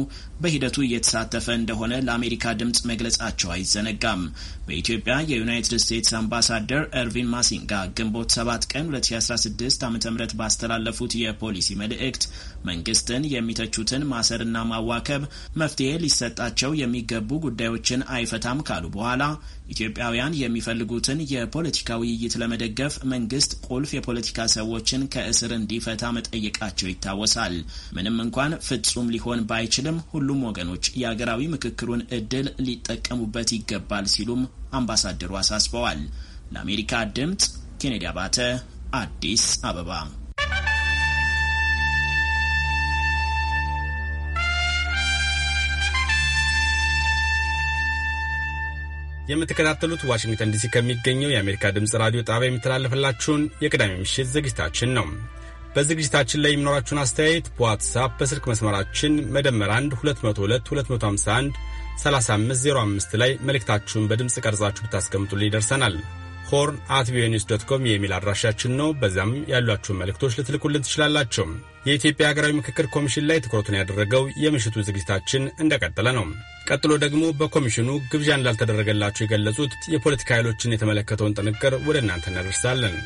በሂደቱ እየተሳተፈ እንደሆነ ለአሜሪካ ድምፅ መግለጻቸው አይዘነጋም። በኢትዮጵያ የዩናይትድ ስቴትስ አምባሳደር ኤርቪን ማሲንጋ ግንቦት 7 ቀን 2016 ዓ ም ባስተላለፉት የፖሊሲ መልእክት መንግስትን የሚተቹትን ማሰርና ማዋከብ መፍትሄ ሊሰጣቸው የሚገቡ ጉዳዮችን አይፈታም ካሉ በኋላ ኢትዮጵያውያን የሚፈልጉትን የፖለቲካ ውይይት ለመደገፍ መንግስት ቁልፍ የፖለቲካ ሰዎችን ከእስር እንዲፈታ መጠየቃቸው ይታወሳል። ምንም እንኳን ፍጹም ሊሆን ባይችልም ሁሉም ወገኖች የአገራዊ ምክክሩን እድል ሊጠቀሙበት ይገባል ሲሉም አምባሳደሩ አሳስበዋል። ለአሜሪካ ድምፅ ኬኔዲ አባተ አዲስ አበባ። የምትከታተሉት ዋሽንግተን ዲሲ ከሚገኘው የአሜሪካ ድምፅ ራዲዮ ጣቢያ የሚተላለፍላችሁን የቅዳሜ ምሽት ዝግጅታችን ነው። በዝግጅታችን ላይ የሚኖራችሁን አስተያየት በዋትሳፕ በስልክ መስመራችን መደመር 1 202 251 3505 ላይ መልእክታችሁን በድምፅ ቀርጻችሁ ብታስቀምጡ ይደርሰናል። ሆርን አት ቪኦኤ ኒውስ ዶት ኮም የሚል አድራሻችን ነው። በዚያም ያሏችሁ መልእክቶች ልትልኩልን ትችላላችሁ። የኢትዮጵያ ሀገራዊ ምክክር ኮሚሽን ላይ ትኩረቱን ያደረገው የምሽቱ ዝግጅታችን እንደቀጠለ ነው። ቀጥሎ ደግሞ በኮሚሽኑ ግብዣ እንዳልተደረገላቸው የገለጹት የፖለቲካ ኃይሎችን የተመለከተውን ጥንቅር ወደ እናንተ እናደርሳለን።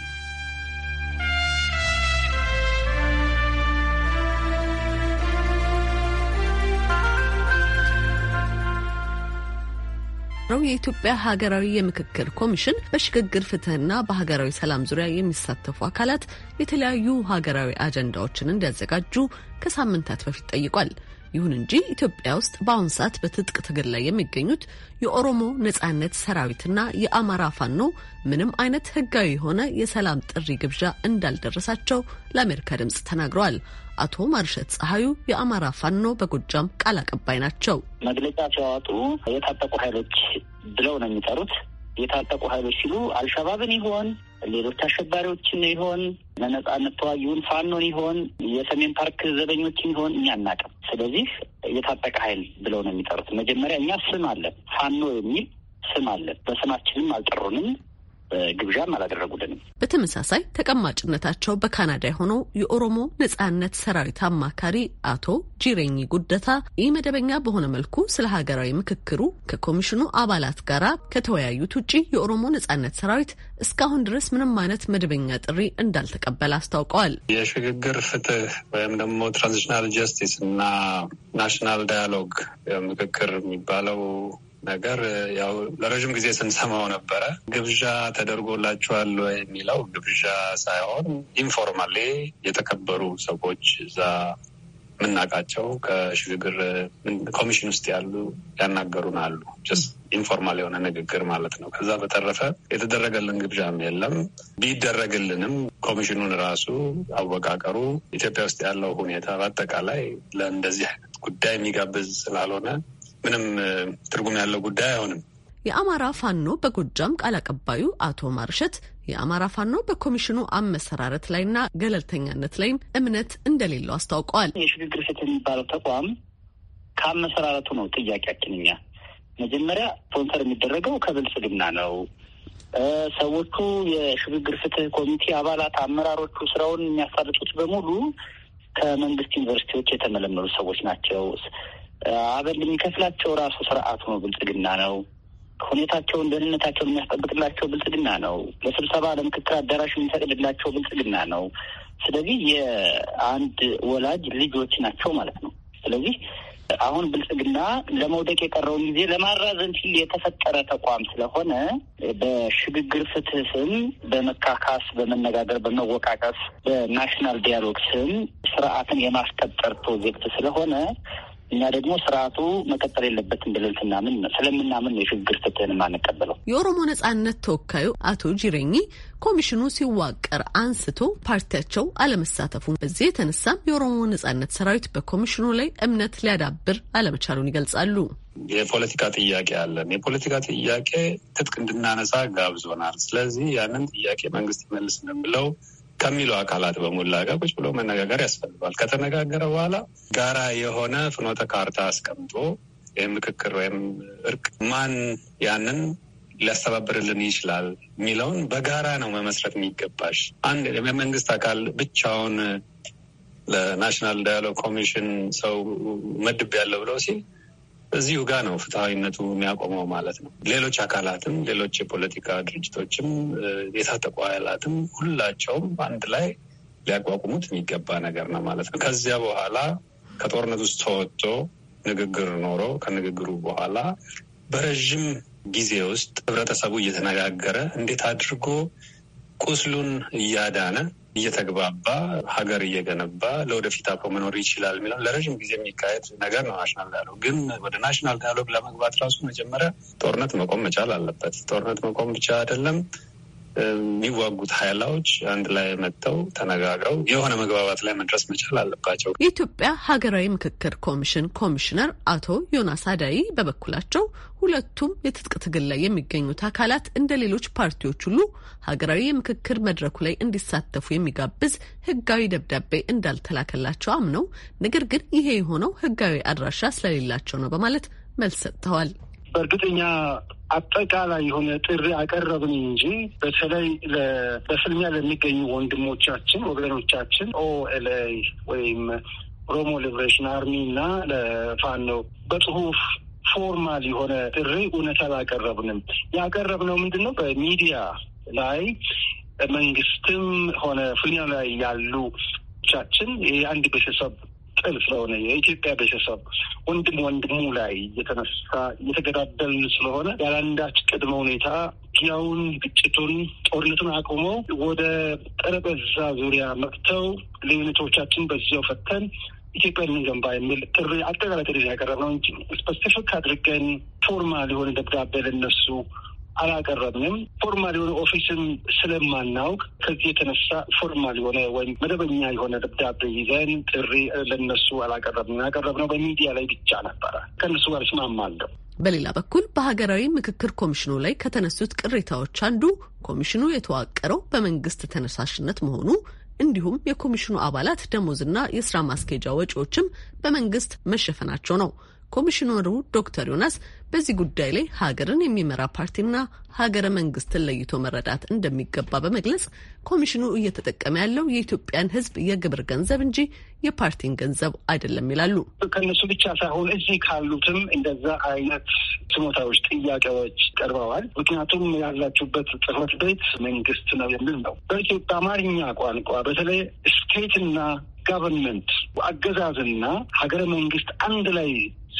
የተጠራው የኢትዮጵያ ሀገራዊ የምክክር ኮሚሽን በሽግግር ፍትህና በሀገራዊ ሰላም ዙሪያ የሚሳተፉ አካላት የተለያዩ ሀገራዊ አጀንዳዎችን እንዲያዘጋጁ ከሳምንታት በፊት ጠይቋል። ይሁን እንጂ ኢትዮጵያ ውስጥ በአሁን ሰዓት በትጥቅ ትግል ላይ የሚገኙት የኦሮሞ ነጻነት ሰራዊትና የአማራ ፋኖ ምንም አይነት ህጋዊ የሆነ የሰላም ጥሪ ግብዣ እንዳልደረሳቸው ለአሜሪካ ድምጽ ተናግረዋል። አቶ ማርሸት ፀሐዩ የአማራ ፋኖ በጎጃም ቃል አቀባይ ናቸው። መግለጫ ሲያወጡ የታጠቁ ኃይሎች ብለው ነው የሚጠሩት። የታጠቁ ኃይሎች ሲሉ አልሸባብን ይሆን ሌሎች አሸባሪዎችን ይሆን ለነጻነት ተዋጊውን ፋኖን ይሆን የሰሜን ፓርክ ዘበኞችን ይሆን እኛ አናውቅም። ስለዚህ የታጠቀ ኃይል ብለው ነው የሚጠሩት። መጀመሪያ እኛ ስም አለን ፋኖ የሚል ስም አለን። በስማችንም አልጠሩንም። ግብዣም አላደረጉልንም። በተመሳሳይ ተቀማጭነታቸው በካናዳ የሆነው የኦሮሞ ነጻነት ሰራዊት አማካሪ አቶ ጂሬኝ ጉደታ ይህ መደበኛ በሆነ መልኩ ስለ ሀገራዊ ምክክሩ ከኮሚሽኑ አባላት ጋር ከተወያዩት ውጪ የኦሮሞ ነጻነት ሰራዊት እስካሁን ድረስ ምንም አይነት መደበኛ ጥሪ እንዳልተቀበለ አስታውቀዋል። የሽግግር ፍትህ ወይም ደግሞ ትራንዚሽናል ጀስቲስ እና ናሽናል ዳያሎግ ምክክር የሚባለው ነገር ያው ለረዥም ጊዜ ስንሰማው ነበረ። ግብዣ ተደርጎላቸዋል የሚለው ግብዣ ሳይሆን ኢንፎርማሌ የተከበሩ ሰዎች እዛ የምናውቃቸው ከሽግግር ኮሚሽን ውስጥ ያሉ ያናገሩን አሉ። ኢንፎርማል የሆነ ንግግር ማለት ነው። ከዛ በተረፈ የተደረገልን ግብዣም የለም። ቢደረግልንም ኮሚሽኑን ራሱ አወቃቀሩ፣ ኢትዮጵያ ውስጥ ያለው ሁኔታ በአጠቃላይ ለእንደዚህ አይነት ጉዳይ የሚጋብዝ ስላልሆነ ምንም ትርጉም ያለው ጉዳይ አይሆንም። የአማራ ፋኖ በጎጃም ቃል አቀባዩ አቶ ማርሸት የአማራ ፋኖ በኮሚሽኑ አመሰራረት ላይና ገለልተኛነት ላይም እምነት እንደሌለው አስታውቀዋል። የሽግግር ፍትህ የሚባለው ተቋም ከአመሰራረቱ ነው ጥያቄያችን። እኛ መጀመሪያ ስፖንሰር የሚደረገው ከብልጽግና ነው። ሰዎቹ የሽግግር ፍትህ ኮሚቴ አባላት፣ አመራሮቹ ስራውን የሚያሳልጡት በሙሉ ከመንግስት ዩኒቨርሲቲዎች የተመለመሉ ሰዎች ናቸው። አበል የሚከፍላቸው ራሱ ስርዓቱ ነው፣ ብልጽግና ነው። ሁኔታቸውን ደህንነታቸውን የሚያስጠብቅላቸው ብልጽግና ነው። ለስብሰባ ለምክክር አዳራሽ የሚፈቅድላቸው ብልጽግና ነው። ስለዚህ የአንድ ወላጅ ልጆች ናቸው ማለት ነው። ስለዚህ አሁን ብልጽግና ለመውደቅ የቀረውን ጊዜ ለማራዘም ሲል የተፈጠረ ተቋም ስለሆነ በሽግግር ፍትህ ስም በመካካስ፣ በመነጋገር፣ በመወቃቀስ በናሽናል ዲያሎግ ስም ስርዓትን የማስቀጠር ፕሮጀክት ስለሆነ እኛ ደግሞ ስርዓቱ መቀጠል የለበትም ብለን ስናምን ስለምናምን ነው የሽግግር ፍትህን የማንቀበለው። የኦሮሞ ነጻነት ተወካዩ አቶ ጂሬኝ ኮሚሽኑ ሲዋቀር አንስቶ ፓርቲያቸው አለመሳተፉን በዚህ የተነሳም የኦሮሞ ነጻነት ሰራዊት በኮሚሽኑ ላይ እምነት ሊያዳብር አለመቻሉን ይገልጻሉ። የፖለቲካ ጥያቄ አለን። የፖለቲካ ጥያቄ ትጥቅ እንድናነሳ ጋብዞናል። ስለዚህ ያንን ጥያቄ መንግስት ይመልስልን ብለው ከሚሉ አካላት በሞላ ጋር ቁጭ ብሎ መነጋገር ያስፈልገዋል። ከተነጋገረ በኋላ ጋራ የሆነ ፍኖተ ካርታ አስቀምጦ ምክክር ወይም እርቅ ማን ያንን ሊያስተባብርልን ይችላል የሚለውን በጋራ ነው መመስረት የሚገባሽ። አንድ የመንግስት አካል ብቻውን ለናሽናል ዳያሎግ ኮሚሽን ሰው መድብ ያለው ብለው ሲል እዚሁ ጋር ነው ፍትሐዊነቱ የሚያቆመው ማለት ነው። ሌሎች አካላትም ሌሎች የፖለቲካ ድርጅቶችም የታጠቁ ኃይላትም ሁላቸውም አንድ ላይ ሊያቋቁሙት የሚገባ ነገር ነው ማለት ነው። ከዚያ በኋላ ከጦርነት ውስጥ ተወጥቶ ንግግር ኖሮ ከንግግሩ በኋላ በረዥም ጊዜ ውስጥ ህብረተሰቡ እየተነጋገረ እንዴት አድርጎ ቁስሉን እያዳነ እየተግባባ ሀገር እየገነባ ለወደፊት አብሮ መኖር ይችላል የሚለው ለረዥም ጊዜ የሚካሄድ ነገር ነው። ናሽናል ዳያሎግ ግን ወደ ናሽናል ዳያሎግ ለመግባት ራሱ መጀመሪያ ጦርነት መቆም መቻል አለበት። ጦርነት መቆም ብቻ አይደለም የሚዋጉት ሀይላዎች አንድ ላይ መጥተው ተነጋግረው የሆነ መግባባት ላይ መድረስ መቻል አለባቸው። የኢትዮጵያ ሀገራዊ ምክክር ኮሚሽን ኮሚሽነር አቶ ዮናስ አዳይ በበኩላቸው ሁለቱም የትጥቅ ትግል ላይ የሚገኙት አካላት እንደ ሌሎች ፓርቲዎች ሁሉ ሀገራዊ የምክክር መድረኩ ላይ እንዲሳተፉ የሚጋብዝ ሕጋዊ ደብዳቤ እንዳልተላከላቸው አምነው ነገር ግን ይሄ የሆነው ሕጋዊ አድራሻ ስለሌላቸው ነው በማለት መልስ ሰጥተዋል። በእርግጠኛ አጠቃላይ የሆነ ጥሪ አቀረብን እንጂ በተለይ በፍልሚያ ለሚገኙ ወንድሞቻችን ወገኖቻችን ኦኤልኤ ወይም ኦሮሞ ሊብሬሽን አርሚ እና ለፋኖ በጽሁፍ ፎርማል የሆነ ጥሪ እውነት አላቀረብንም። ያቀረብነው ምንድን ነው? በሚዲያ ላይ መንግስትም ሆነ ፍልሚያ ላይ ያሉ ቻችን የአንድ ቤተሰብ ጥል ስለሆነ የኢትዮጵያ ቤተሰብ ወንድም ወንድሙ ላይ እየተነሳ እየተገዳደልን ስለሆነ ያለአንዳች ቅድመ ሁኔታ ያውን ግጭቱን ጦርነቱን አቁመው ወደ ጠረጴዛ ዙሪያ መጥተው ልዩነቶቻችን በዚያው ፈተን ኢትዮጵያ ልንገንባ የሚል ጥሪ አጠቃላይ ጥሪ ያቀረብ ነው እንጂ ስፐሲፊክ አድርገን ፎርማል የሆነ ደብዳቤ ለነሱ አላቀረብንም። ፎርማል የሆነ ኦፊስም ስለማናውቅ ከዚህ የተነሳ ፎርማል የሆነ ወይም መደበኛ የሆነ ደብዳቤ ይዘን ጥሪ ለነሱ አላቀረብንም። ያቀረብነው በሚዲያ ላይ ብቻ ነበረ። ከእነሱ ጋር እስማማለሁ። በሌላ በኩል በሀገራዊ ምክክር ኮሚሽኑ ላይ ከተነሱት ቅሬታዎች አንዱ ኮሚሽኑ የተዋቀረው በመንግስት ተነሳሽነት መሆኑ እንዲሁም የኮሚሽኑ አባላት ደሞዝና የስራ ማስኬጃ ወጪዎችም በመንግስት መሸፈናቸው ነው። ኮሚሽነሩ ዶክተር ዮናስ በዚህ ጉዳይ ላይ ሀገርን የሚመራ ፓርቲና ሀገረ መንግስትን ለይቶ መረዳት እንደሚገባ በመግለጽ ኮሚሽኑ እየተጠቀመ ያለው የኢትዮጵያን ሕዝብ የግብር ገንዘብ እንጂ የፓርቲን ገንዘብ አይደለም ይላሉ። ከነሱ ብቻ ሳይሆን እዚህ ካሉትም እንደዛ አይነት ስሞታዎች፣ ጥያቄዎች ቀርበዋል። ምክንያቱም ያላችሁበት ጽሕፈት ቤት መንግስት ነው የሚል ነው። በኢትዮጵያ አማርኛ ቋንቋ በተለይ ስቴትና ጋቨርንመንት አገዛዝና ሀገረ መንግስት አንድ ላይ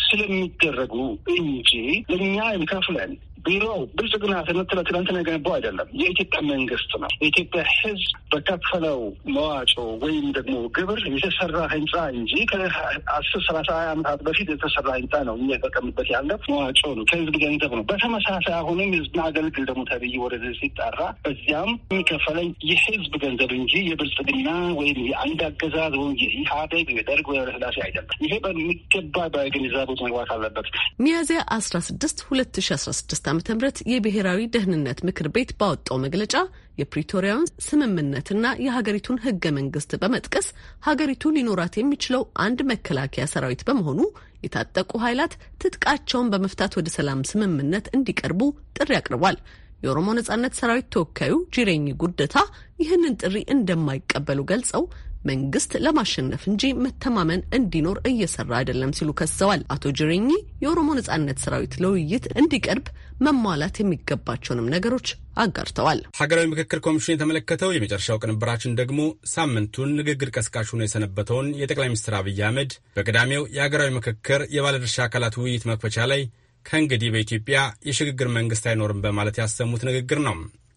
ስለሚደረጉ እንጂ እኛ እንከፍለን ቢሮው ብልጽግና ትናንትና የገነባው አይደለም፣ የኢትዮጵያ መንግስት ነው። የኢትዮጵያ ህዝብ በከፈለው መዋጮ ወይም ደግሞ ግብር የተሰራ ህንፃ እንጂ ከአስር ሰላሳ ሀያ አመታት በፊት የተሰራ ህንፃ ነው። እኛ የተጠቀምበት ያለ መዋጮ ነው፣ ከህዝብ ገንዘብ ነው። በተመሳሳይ አሁንም ህዝብን አገልግል ደግሞ ተብይ ወደዚህ ሲጠራ በዚያም የሚከፈለኝ የህዝብ ገንዘብ እንጂ የብልጽግና ወይም የአንድ አገዛዝ ወ የኢህአዴግ የደርግ ወይ ኃይለሥላሴ አይደለም። ይሄ በሚገባ በግንዛቤ መግባት አለበት። ሚያዝያ አስራ ስድስት ሁለት ሺ አስራ ስድስት ዓ ም የብሔራዊ ደህንነት ምክር ቤት ባወጣው መግለጫ የፕሪቶሪያውን ስምምነትና የሀገሪቱን ህገ መንግስት በመጥቀስ ሀገሪቱ ሊኖራት የሚችለው አንድ መከላከያ ሰራዊት በመሆኑ የታጠቁ ኃይላት ትጥቃቸውን በመፍታት ወደ ሰላም ስምምነት እንዲቀርቡ ጥሪ አቅርቧል። የኦሮሞ ነጻነት ሰራዊት ተወካዩ ጂሬኝ ጉደታ ይህንን ጥሪ እንደማይቀበሉ ገልጸው መንግስት ለማሸነፍ እንጂ መተማመን እንዲኖር እየሰራ አይደለም ሲሉ ከሰዋል። አቶ ጅሬኚ የኦሮሞ ነጻነት ሰራዊት ለውይይት እንዲቀርብ መሟላት የሚገባቸውንም ነገሮች አጋርተዋል። ሀገራዊ ምክክር ኮሚሽን የተመለከተው የመጨረሻው ቅንብራችን ደግሞ ሳምንቱን ንግግር ቀስቃሽ ሆኖ የሰነበተውን የጠቅላይ ሚኒስትር አብይ አህመድ በቅዳሜው የሀገራዊ ምክክር የባለድርሻ አካላት ውይይት መክፈቻ ላይ ከእንግዲህ በኢትዮጵያ የሽግግር መንግስት አይኖርም በማለት ያሰሙት ንግግር ነው።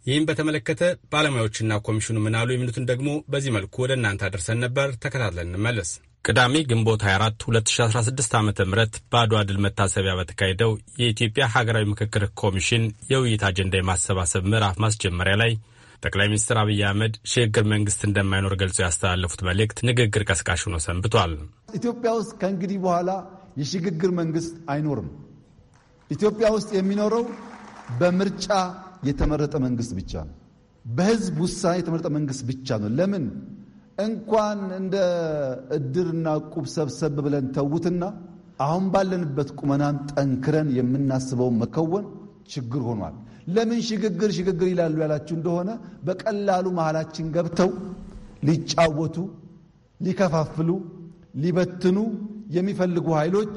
ይህም በተመለከተ ባለሙያዎችና ኮሚሽኑ ምናሉ የሚሉትን ደግሞ በዚህ መልኩ ወደ እናንተ አድርሰን ነበር። ተከታትለን እንመለስ። ቅዳሜ ግንቦት 24 2016 ዓ ም በአድዋ ድል መታሰቢያ በተካሄደው የኢትዮጵያ ሀገራዊ ምክክር ኮሚሽን የውይይት አጀንዳ የማሰባሰብ ምዕራፍ ማስጀመሪያ ላይ ጠቅላይ ሚኒስትር አብይ አህመድ ሽግግር መንግስት እንደማይኖር ገልጸው ያስተላለፉት መልእክት ንግግር ቀስቃሽ ሆኖ ሰንብቷል። ኢትዮጵያ ውስጥ ከእንግዲህ በኋላ የሽግግር መንግስት አይኖርም። ኢትዮጵያ ውስጥ የሚኖረው በምርጫ የተመረጠ መንግስት ብቻ ነው። በህዝብ ውሳኔ የተመረጠ መንግስት ብቻ ነው። ለምን እንኳን እንደ እድርና ቁብ ሰብሰብ ብለን ተዉትና አሁን ባለንበት ቁመናም ጠንክረን የምናስበውን መከወን ችግር ሆኗል። ለምን ሽግግር ሽግግር ይላሉ ያላችሁ እንደሆነ በቀላሉ መሃላችን ገብተው ሊጫወቱ፣ ሊከፋፍሉ፣ ሊበትኑ የሚፈልጉ ኃይሎች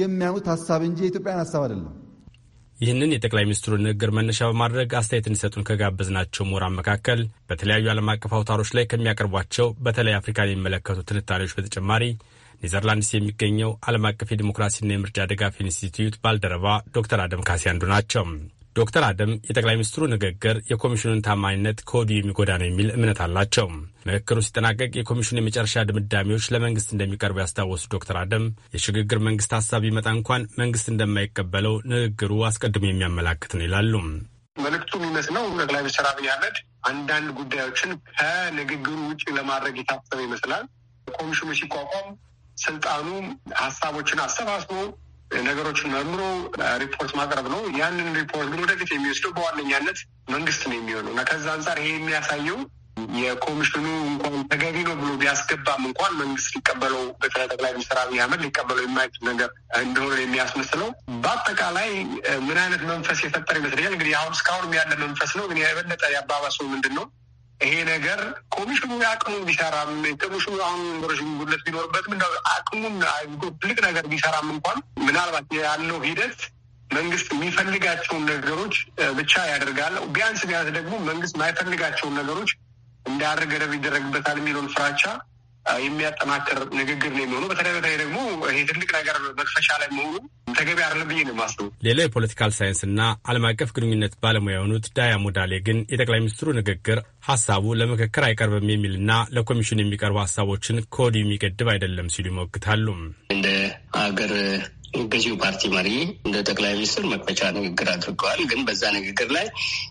የሚያኑት ሀሳብ እንጂ የኢትዮጵያን ሀሳብ አይደለም። ይህንን የጠቅላይ ሚኒስትሩን ንግግር መነሻ በማድረግ አስተያየት እንዲሰጡን ከጋበዝናቸው ምሁራን መካከል በተለያዩ ዓለም አቀፍ አውታሮች ላይ ከሚያቀርቧቸው በተለይ አፍሪካን የሚመለከቱ ትንታኔዎች በተጨማሪ ኔዘርላንድስ የሚገኘው ዓለም አቀፍ የዲሞክራሲና የምርጫ ድጋፍ ኢንስቲትዩት ባልደረባ ዶክተር አደም ካሴ አንዱ ናቸው። ዶክተር አደም የጠቅላይ ሚኒስትሩ ንግግር የኮሚሽኑን ታማኝነት ከወዲሁ የሚጎዳ ነው የሚል እምነት አላቸው። ምክክሩ ሲጠናቀቅ የኮሚሽኑ የመጨረሻ ድምዳሜዎች ለመንግስት እንደሚቀርቡ ያስታወሱ ዶክተር አደም የሽግግር መንግስት ሀሳብ ቢመጣ እንኳን መንግስት እንደማይቀበለው ንግግሩ አስቀድሞ የሚያመላክት ነው ይላሉ። መልእክቱ የሚመስለው ጠቅላይ ሚኒስትር አብይ አህመድ አንዳንድ ጉዳዮችን ከንግግሩ ውጭ ለማድረግ የታሰበ ይመስላል። ኮሚሽኑ ሲቋቋም ስልጣኑ ሀሳቦችን አሰባስቦ ነገሮችን መርምሮ ሪፖርት ማቅረብ ነው። ያንን ሪፖርት ግን ወደፊት የሚወስደው በዋነኛነት መንግስት ነው የሚሆነው እና ከዛ አንጻር ይሄ የሚያሳየው የኮሚሽኑ እንኳን ተገቢ ነው ብሎ ቢያስገባም እንኳን መንግስት ሊቀበለው በተለይ ጠቅላይ ሚኒስትር አብይ አህመድ ሊቀበለው የማይችል ነገር እንደሆነ የሚያስመስለው በአጠቃላይ ምን አይነት መንፈስ የፈጠረ ይመስለኛል። እንግዲህ አሁን እስካሁንም ያለ መንፈስ ነው። ግን የበለጠ ያባባሰው ምንድን ነው ይሄ ነገር ኮሚሽኑ አቅሙ ቢሰራም ትንሹ አሁን ኖረሽን ጉድለት ቢኖርበት ምን አቅሙን ትልቅ ነገር ቢሰራም እንኳን ምናልባት ያለው ሂደት መንግስት የሚፈልጋቸውን ነገሮች ብቻ ያደርጋል። ቢያንስ ቢያንስ ደግሞ መንግስት የማይፈልጋቸውን ነገሮች እንዳያደርግ ገደብ ይደረግበታል የሚለውን ፍራቻ የሚያጠናክር ንግግር ነው የሚሆኑ። በተለይ በተለይ ደግሞ ይሄ ትልቅ ነገር መክፈሻ ላይ መሆኑ ተገቢ አይደለም ብዬ ነው የማስበው። ሌላው የፖለቲካል ሳይንስና ዓለም አቀፍ ግንኙነት ባለሙያ የሆኑት ዳያ ሞዳሌ ግን የጠቅላይ ሚኒስትሩ ንግግር ሀሳቡ ለምክክር አይቀርብም የሚልና ለኮሚሽን የሚቀርቡ ሀሳቦችን ከወዲሁ የሚገድብ አይደለም ሲሉ ይሞግታሉ። እንደ አገር ገዢው ፓርቲ መሪ እንደ ጠቅላይ ሚኒስትር መክፈቻ ንግግር አድርገዋል። ግን በዛ ንግግር ላይ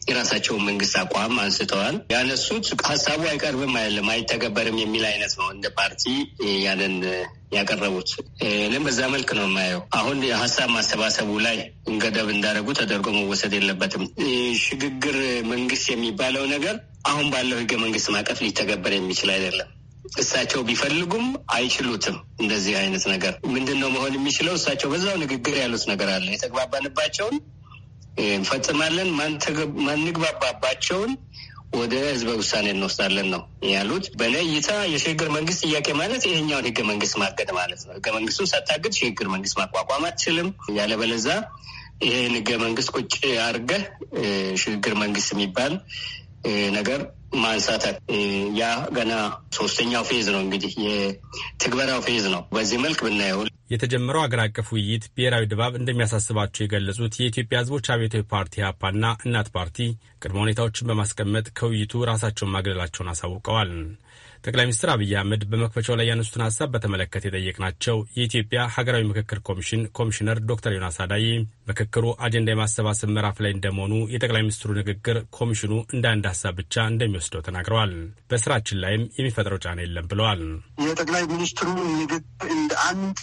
የራሳቸውን መንግስት አቋም አንስተዋል። ያነሱት ሀሳቡ አይቀርብም አይደለም አይተገበርም የሚል አይነት ነው። እንደ ፓርቲ ያንን ያቀረቡት እኔም በዛ መልክ ነው የማየው። አሁን የሀሳብ ማሰባሰቡ ላይ ገደብ እንዳደረጉ ተደርጎ መወሰድ የለበትም። ሽግግር መንግስት የሚባለው ነገር አሁን ባለው ህገ መንግስት ማቀፍ ሊተገበር የሚችል አይደለም። እሳቸው ቢፈልጉም አይችሉትም። እንደዚህ አይነት ነገር ምንድን ነው መሆን የሚችለው? እሳቸው በዛው ንግግር ያሉት ነገር አለ። የተግባባንባቸውን እንፈጽማለን፣ ማንግባባባቸውን ወደ ህዝበ ውሳኔ እንወስዳለን ነው ያሉት። በእኔ እይታ የሽግግር መንግስት ጥያቄ ማለት ይሄኛውን ህገ መንግስት ማገድ ማለት ነው። ህገ መንግስቱን ሳታግድ ሽግግር መንግስት ማቋቋም አትችልም። ያለበለዛ ይሄን ህገ መንግስት ቁጭ አድርገህ ሽግግር መንግስት የሚባል ነገር ማንሳት ያ ገና ሶስተኛው ፌዝ ነው እንግዲህ የትግበራው ፌዝ ነው። በዚህ መልክ ብናየው የተጀመረው አገር አቀፍ ውይይት ብሔራዊ ድባብ እንደሚያሳስባቸው የገለጹት የኢትዮጵያ ሕዝቦች አብዮታዊ ፓርቲ ሀፓና እናት ፓርቲ ቅድመ ሁኔታዎችን በማስቀመጥ ከውይይቱ ራሳቸውን ማግለላቸውን አሳውቀዋል። ጠቅላይ ሚኒስትር አብይ አህመድ በመክፈቻው ላይ ያነሱትን ሀሳብ በተመለከተ የጠየቅናቸው የኢትዮጵያ ሀገራዊ ምክክር ኮሚሽን ኮሚሽነር ዶክተር ዮናስ አዳይ ምክክሩ አጀንዳ የማሰባሰብ ምዕራፍ ላይ እንደመሆኑ የጠቅላይ ሚኒስትሩ ንግግር ኮሚሽኑ እንደ አንድ ሀሳብ ብቻ እንደሚወስደው ተናግረዋል። በስራችን ላይም የሚፈጥረው ጫና የለም ብለዋል። የጠቅላይ ሚኒስትሩ ንግግር እንደ አንድ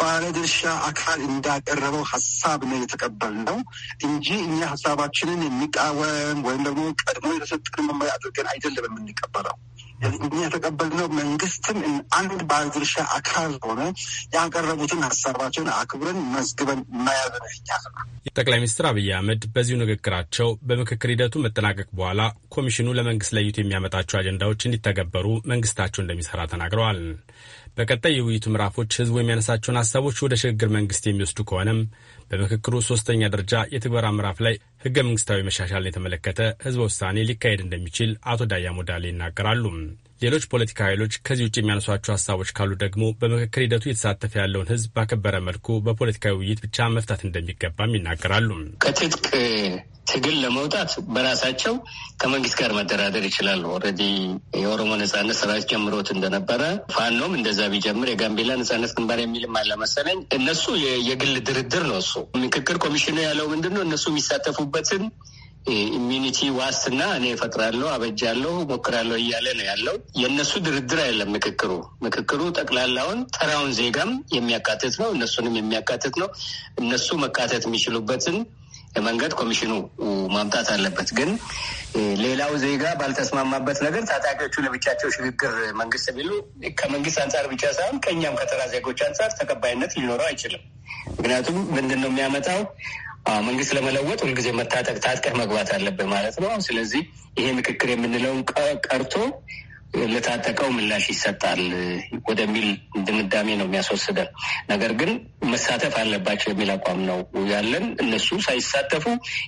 ባለድርሻ አካል እንዳቀረበው ሀሳብ ነው የተቀበልነው እንጂ እኛ ሀሳባችንን የሚቃወም ወይም ደግሞ ቀድሞ የተሰጠን መመሪያ አድርገን አይደለም የምንቀበለው። የተቀበልነው መንግስትም አንድ ባለድርሻ አካል ሆነ ያቀረቡትን ሀሳባቸውን አክብረን መዝግበን መያዝ ነው። ጠቅላይ ሚኒስትር አብይ አህመድ በዚሁ ንግግራቸው በምክክር ሂደቱ መጠናቀቅ በኋላ ኮሚሽኑ ለመንግስት ለይቱ የሚያመጣቸው አጀንዳዎች እንዲተገበሩ መንግስታቸው እንደሚሰራ ተናግረዋል። በቀጣይ የውይይቱ ምዕራፎች ህዝቡ የሚያነሳቸውን ሀሳቦች ወደ ሽግግር መንግስት የሚወስዱ ከሆነም በምክክሩ ሶስተኛ ደረጃ የትግበራ ምዕራፍ ላይ ህገ መንግስታዊ መሻሻልን የተመለከተ ህዝበ ውሳኔ ሊካሄድ እንደሚችል አቶ ዳያ ሞዳሌ ይናገራሉ። ሌሎች ፖለቲካ ኃይሎች ከዚህ ውጭ የሚያነሷቸው ሀሳቦች ካሉ ደግሞ በምክክር ሂደቱ የተሳተፈ ያለውን ህዝብ ባከበረ መልኩ በፖለቲካዊ ውይይት ብቻ መፍታት እንደሚገባም ይናገራሉ። ከትጥቅ ትግል ለመውጣት በራሳቸው ከመንግስት ጋር መደራደር ይችላሉ። ኦልሬዲ የኦሮሞ ነጻነት ሰራዊት ጀምሮት እንደነበረ ፋኖም እንደዛ ቢጀምር የጋምቤላ ነጻነት ግንባር የሚልም አለመሰለኝ እነሱ የግል ድርድር ነው። እሱ ምክክር ኮሚሽኑ ያለው ምንድን ነው? እነሱ የሚሳተፉበትን ኢሚኒቲ ዋስትና እኔ እፈጥራለሁ፣ አበጃለሁ፣ ሞክራለሁ እያለ ነው ያለው። የእነሱ ድርድር አይደለም ምክክሩ። ምክክሩ ጠቅላላውን ተራውን ዜጋም የሚያካትት ነው፣ እነሱንም የሚያካትት ነው። እነሱ መካተት የሚችሉበትን መንገድ ኮሚሽኑ ማምጣት አለበት። ግን ሌላው ዜጋ ባልተስማማበት ነገር ታጣቂዎቹ ለብቻቸው ሽግግር መንግስት ቢሉ ከመንግስት አንጻር ብቻ ሳይሆን ከእኛም ከተራ ዜጎች አንጻር ተቀባይነት ሊኖረው አይችልም። ምክንያቱም ምንድን ነው የሚያመጣው መንግስት ለመለወጥ ሁልጊዜ መታጠቅ ታጥቀህ መግባት አለብህ ማለት ነው። ስለዚህ ይሄ ምክክር የምንለውን ቀርቶ ለታጠቀው ምላሽ ይሰጣል ወደሚል ድምዳሜ ነው የሚያስወስደን። ነገር ግን መሳተፍ አለባቸው የሚል አቋም ነው ያለን። እነሱ ሳይሳተፉ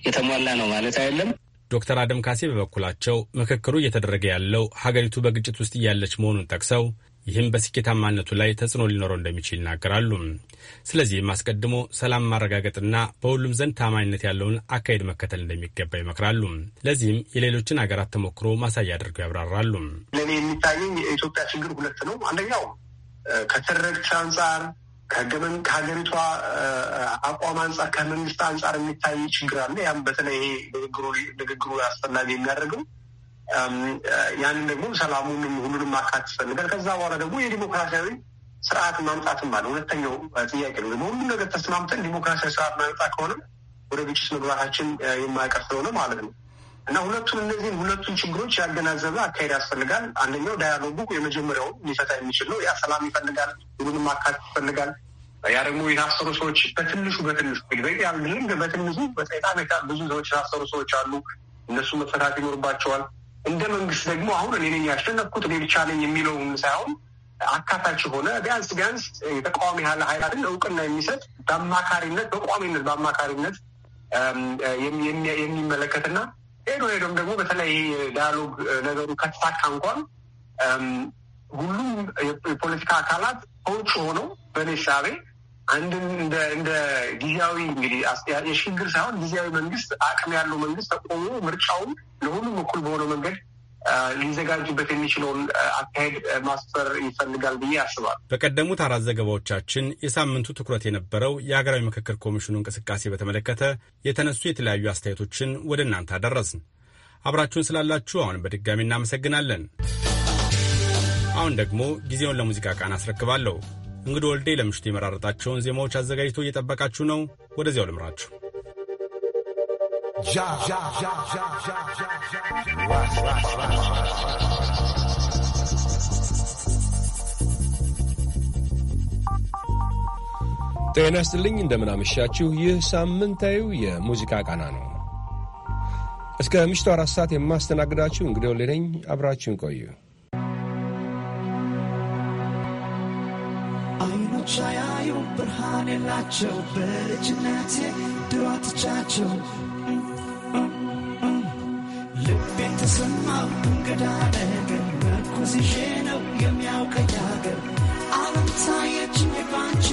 የተሟላ ነው ማለት አይደለም። ዶክተር አደም ካሴ በበኩላቸው ምክክሩ እየተደረገ ያለው ሀገሪቱ በግጭት ውስጥ እያለች መሆኑን ጠቅሰው ይህም በስኬታማነቱ ላይ ተጽዕኖ ሊኖረው እንደሚችል ይናገራሉ። ስለዚህም አስቀድሞ ሰላም ማረጋገጥና በሁሉም ዘንድ ታማኝነት ያለውን አካሄድ መከተል እንደሚገባ ይመክራሉ። ለዚህም የሌሎችን ሀገራት ተሞክሮ ማሳያ አድርገው ያብራራሉ። ለእኔ የሚታየኝ የኢትዮጵያ ችግር ሁለት ነው። አንደኛው ከትርክት አንጻር ከገመን ከሀገሪቷ አቋም አንጻር ከመንግስት አንጻር የሚታይ ችግር አለ። ያም በተለይ ይሄ ንግግሩ አስፈላጊ የሚያደርግም ያንን ደግሞ ሰላሙንም ሁሉንም ማካት ይፈልጋል። ከዛ በኋላ ደግሞ የዲሞክራሲያዊ ስርዓት ማምጣትም አለ። ሁለተኛው ጥያቄ ነው። ሁሉም ነገር ተስማምተን ዲሞክራሲያዊ ስርዓት ማምጣ ከሆነ ወደ ግጭት መግባታችን የማያቀር ስለሆነ ማለት ነው እና ሁለቱን እነዚህን ሁለቱን ችግሮች ያገናዘበ አካሄድ ያስፈልጋል። አንደኛው ዳያሎጉ የመጀመሪያውን ሊፈታ የሚችል ነው። ያ ሰላም ይፈልጋል፣ ሁሉንም ማካት ይፈልጋል። ያ ደግሞ የታሰሩ ሰዎች በትንሹ በትንሹ በትንሹ በጣም ብዙ ሰዎች የታሰሩ ሰዎች አሉ። እነሱ መፈታት ይኖርባቸዋል። እንደ መንግስት ደግሞ አሁን እኔ ነኝ ያሸነፍኩት እኔ ብቻ ነኝ የሚለውን ሳይሆን አካታች የሆነ ቢያንስ ቢያንስ የተቃዋሚ ያለ ሀይላትን እውቅና የሚሰጥ በአማካሪነት በቋሚነት በአማካሪነት የሚመለከትና ሄዶ ሄዶም ደግሞ በተለይ ዳያሎግ ነገሩ ከተሳካ እንኳን ሁሉም የፖለቲካ አካላት ከውጭ ሆነው በእኔ ሳቤ አንድን እንደ ጊዜያዊ እንግዲህ የሽግግር ሳይሆን ጊዜያዊ መንግስት አቅም ያለው መንግስት ተቆሞ ምርጫውን ለሁሉም እኩል በሆነ መንገድ ሊዘጋጅበት የሚችለውን አካሄድ ማስፈር ይፈልጋል ብዬ አስባል። በቀደሙት አራት ዘገባዎቻችን የሳምንቱ ትኩረት የነበረው የሀገራዊ ምክክር ኮሚሽኑ እንቅስቃሴ በተመለከተ የተነሱ የተለያዩ አስተያየቶችን ወደ እናንተ አደረስን። አብራችሁን ስላላችሁ አሁን በድጋሚ እናመሰግናለን። አሁን ደግሞ ጊዜውን ለሙዚቃ ቃና አስረክባለሁ። እንግዲህ ወልዴ ለምሽቱ የመራረጣቸውን ዜማዎች አዘጋጅቶ እየጠበቃችሁ ነው። ወደዚያው ልምራችሁ። ጤና ይስጥልኝ፣ እንደምናመሻችሁ። ይህ ሳምንታዊው የሙዚቃ ቃና ነው። እስከ ምሽቱ አራት ሰዓት የማስተናግዳችሁ እንግዲህ ወልዴ ነኝ። አብራችሁን ቆዩ። ሰዎች ሳያዩ ብርሃን የላቸው በልጅነቴ ድሮ ትቻቸው ልቤን ተሰማው እንግዳ ነገር መኩዝ ነው የሚያውቀኝ ሀገር ዓለም ታየችኝ ባንቺ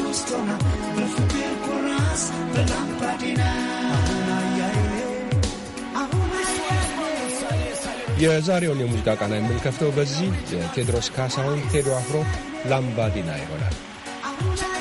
በፍቅር ኩራስ በላምባዲና የዛሬውን የሙዚቃ ቃና የምንከፍተው በዚህ የቴዎድሮስ ካሳሁን ቴዶ አፍሮ ላምባዲና ይሆናል። Tonight.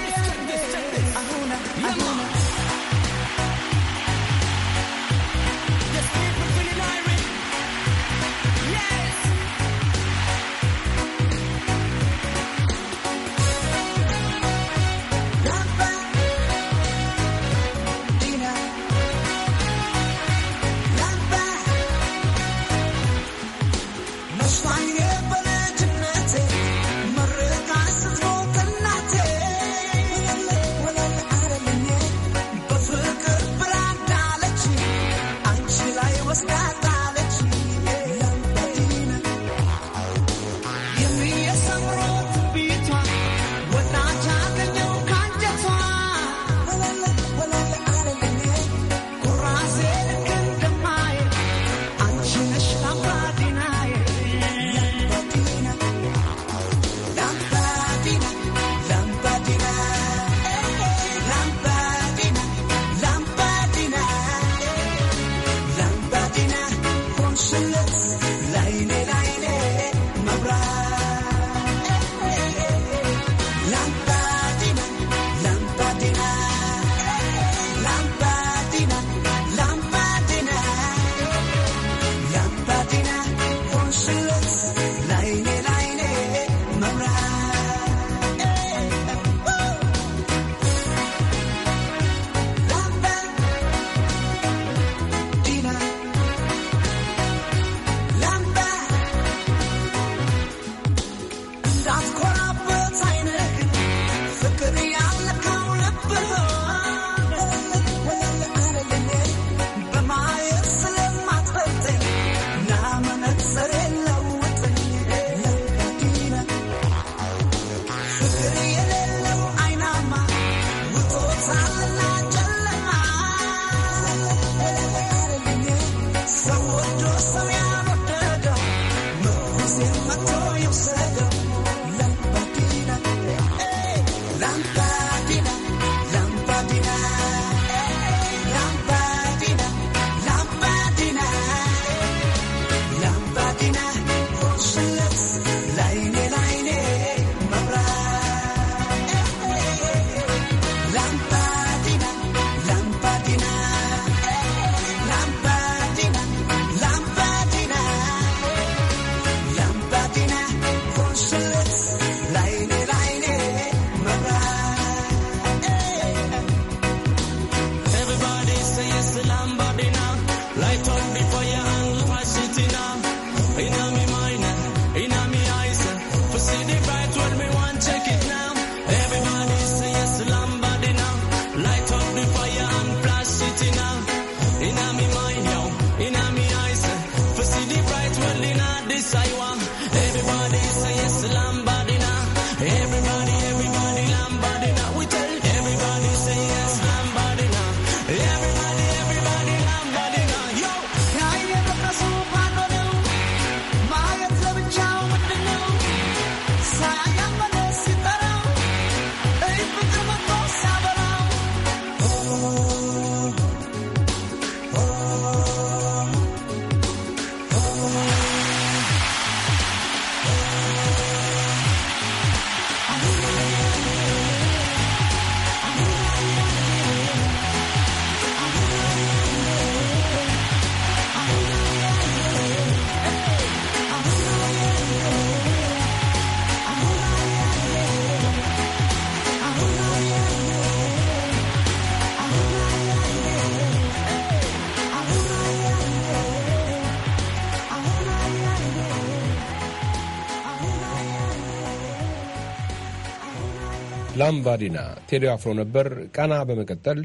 ላምባዲና ቴዲ አፍሮ ነበር። ቀና በመቀጠል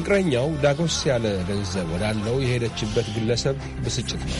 ፍቅረኛው ዳጎስ ያለ ገንዘብ ወዳለው የሄደችበት ግለሰብ ብስጭት ነው።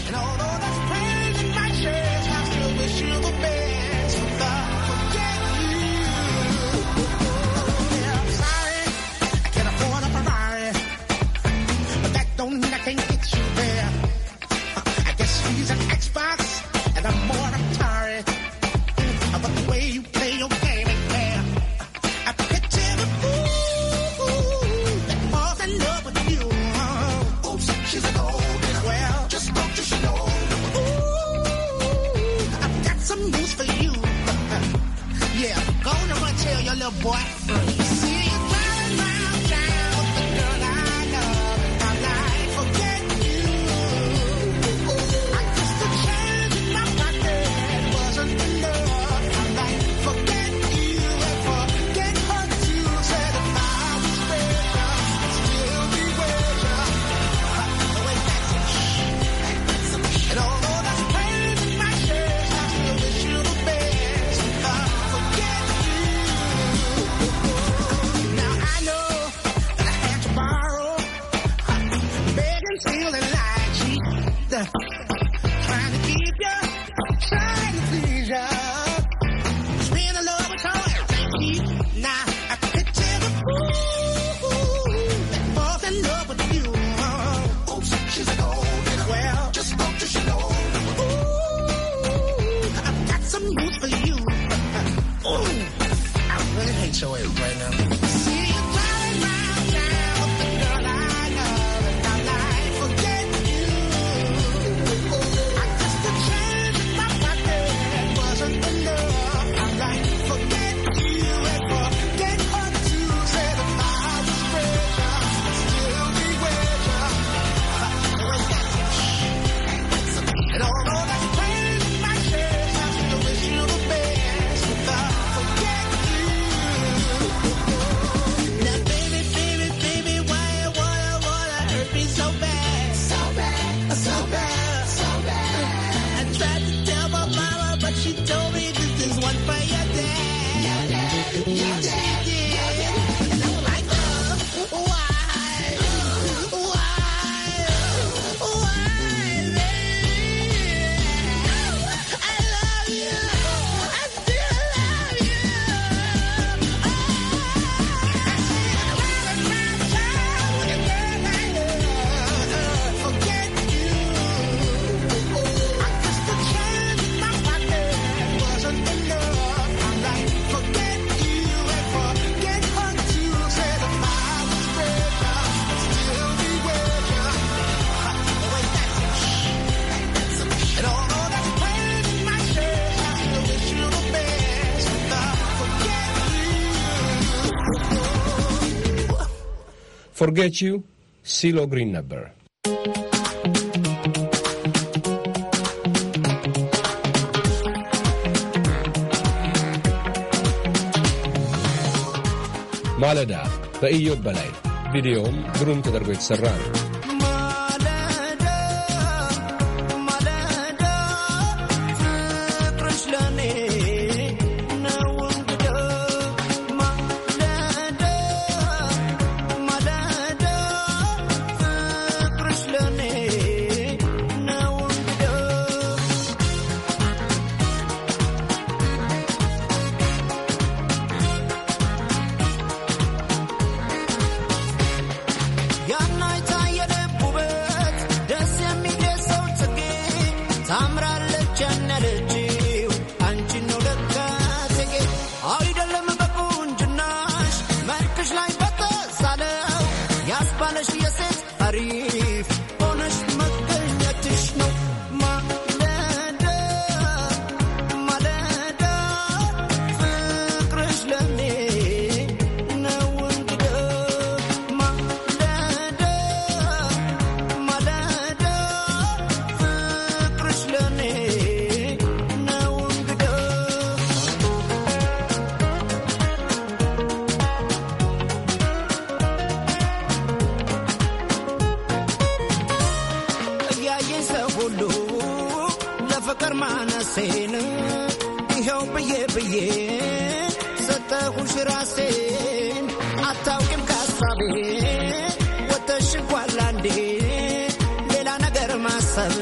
ፎርጌት ዩ ሲሎ ግሪን ነበር። ማለዳ በኢዮብ በላይ ቪዲዮውም ግሩም ተደርጎ የተሠራ ነው። የፍቅር ማነሴን ይኸው ብዬ ብዬ ሰጠሁሽ ራሴን አታውቂም ካሳቤ ወተሽ ጓላ እንዴ ሌላ ነገር ማሰብ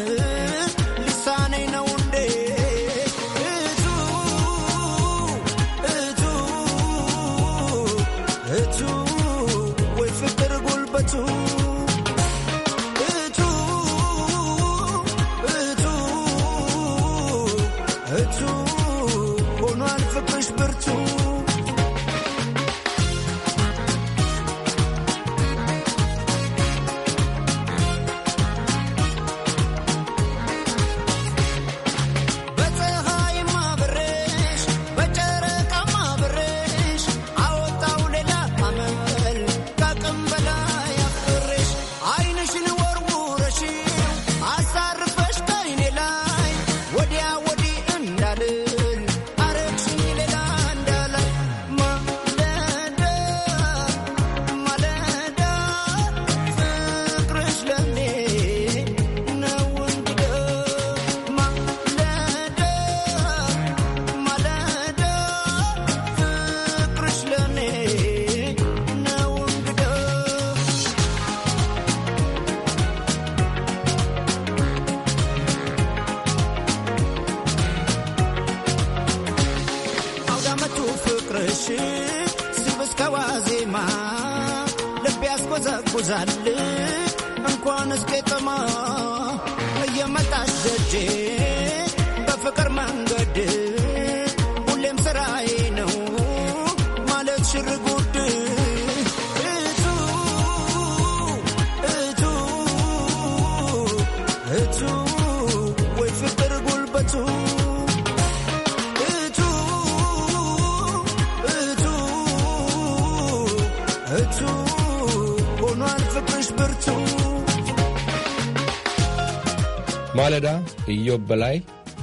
ማለዳ ኢዮብ በላይ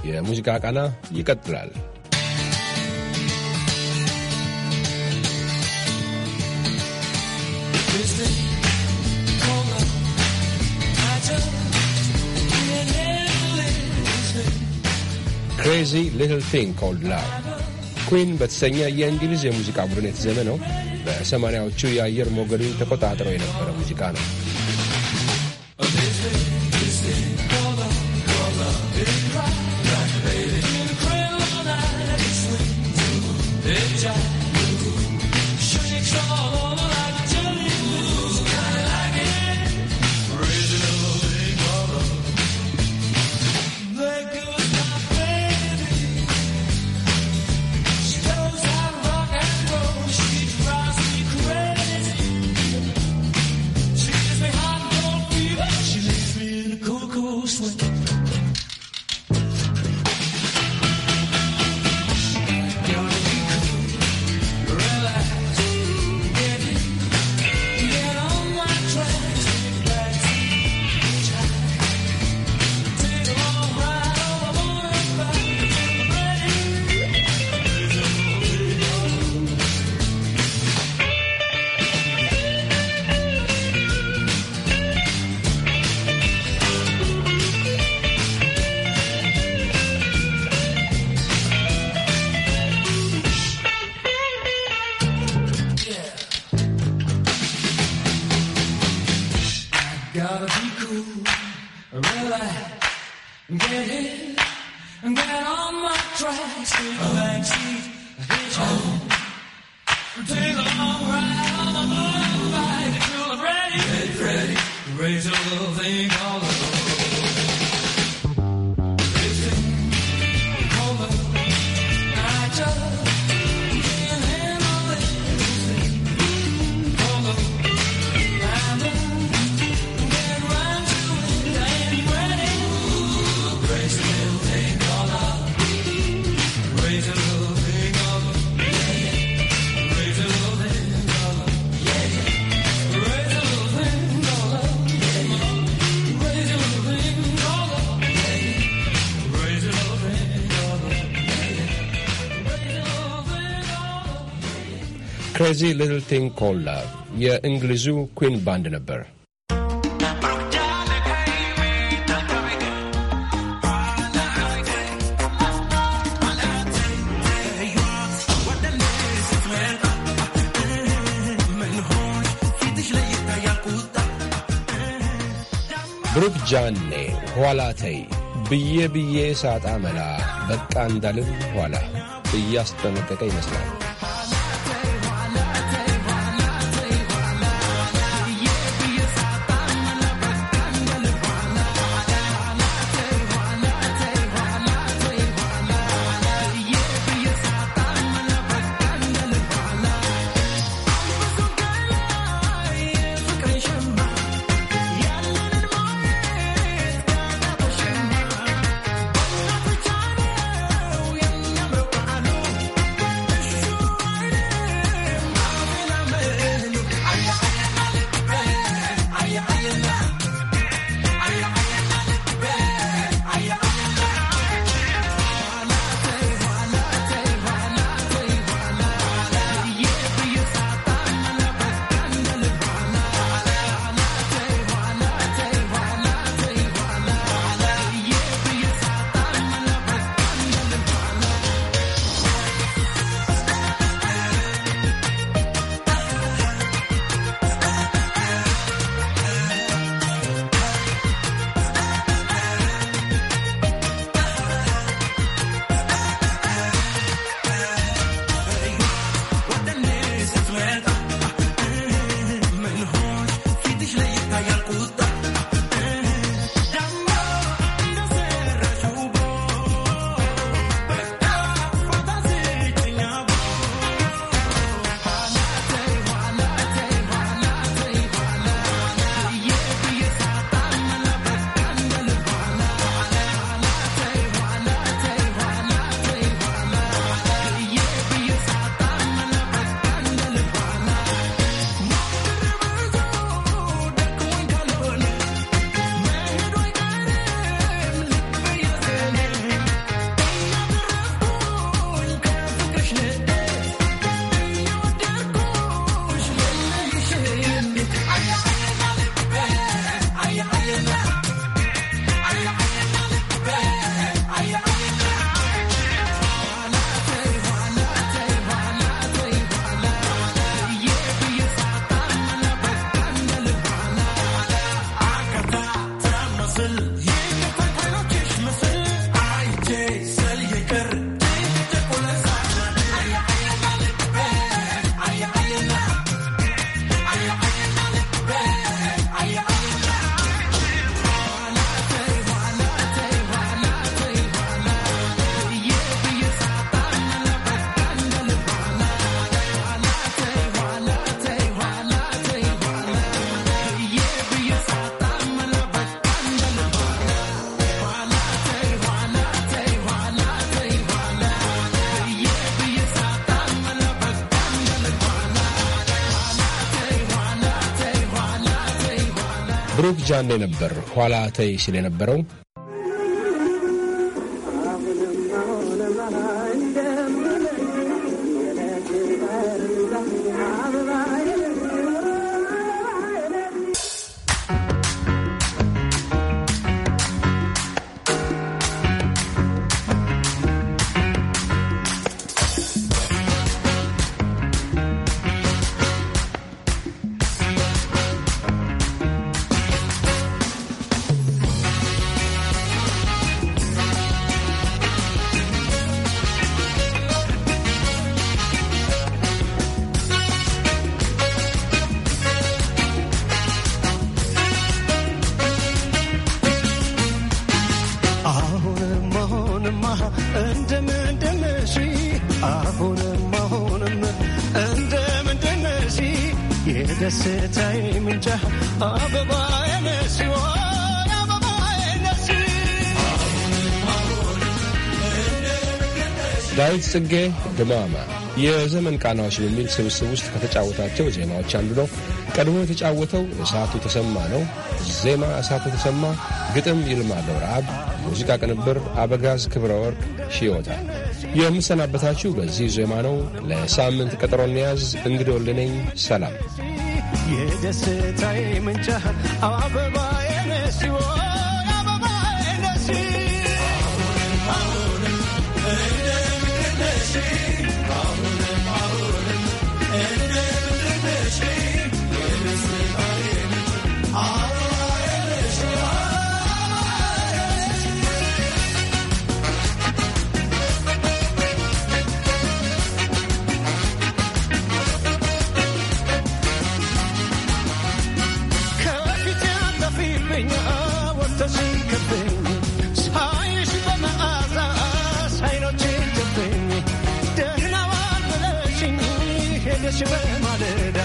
የሙዚቃ ቃና ይቀጥላል። ክሬዚ ሊትል ቲንግ ኮልድ ላቭ ኩዊን በተሰኘ የእንግሊዝ የሙዚቃ ቡድን የተዘመነው በሰማንያዎቹ የአየር ሞገዱን ተቆጣጥረው የነበረ ሙዚቃ ነው። ክሬዚ ሊትል ቲንግ ኮላ የእንግሊዙ ኩዊን ባንድ ነበር። ብሩክ ጃኔ ኋላ ተይ ብዬ ብዬ ሳጣ መላ በቃ እንዳልን ኋላ እያስጠነቀቀ ይመስላል። እዛ እንደነበር ኋላ ተይ ሲል የነበረው የደስታዬ ምንጭ አበባዬ ሲሆን ዳዊት ጽጌ ድማማ የዘመን ቃናዎች በሚል ስብስብ ውስጥ ከተጫወታቸው ዜማዎች አንዱ ነው። ቀድሞ የተጫወተው እሳቱ ተሰማ ነው። ዜማ እሳቱ ተሰማ፣ ግጥም ይልማ ገብረአብ፣ ሙዚቃ ቅንብር አበጋዝ ክብረ ወርቅ ሽዮታ የምሰናበታችሁ በዚህ ዜማ ነው። ለሳምንት ቀጠሮ እንያዝ። እንግዲህ ወልነኝ ሰላም የደስታዬ ምንጫ አበባ ሲሆን ሄደሽ በማለዳ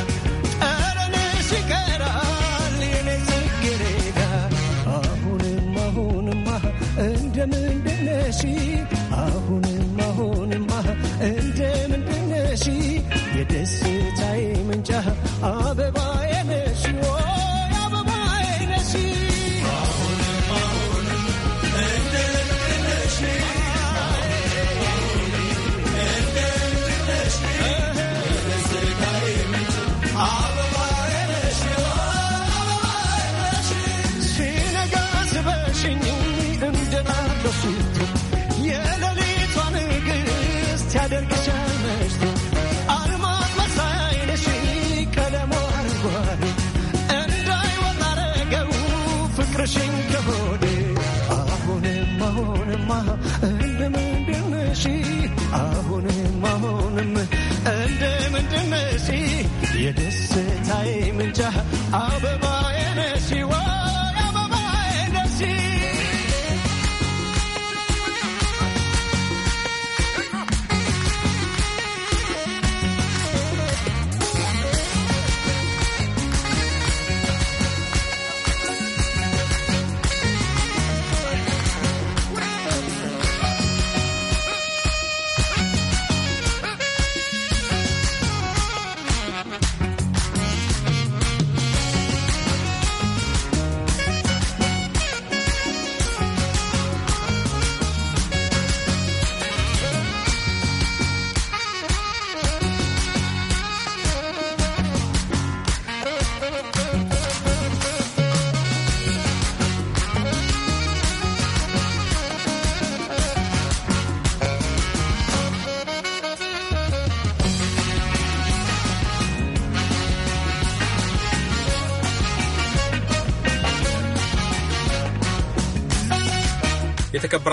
ጠረንሽ ይቀራል የኔ ጽጌረዳ። አሁንም አሁንማ እንደምንድነሽ አሁንም አሁንማ ነሽ የደስታዬ ምንጫ አበባዬ ምንቻ አበባ የነሽ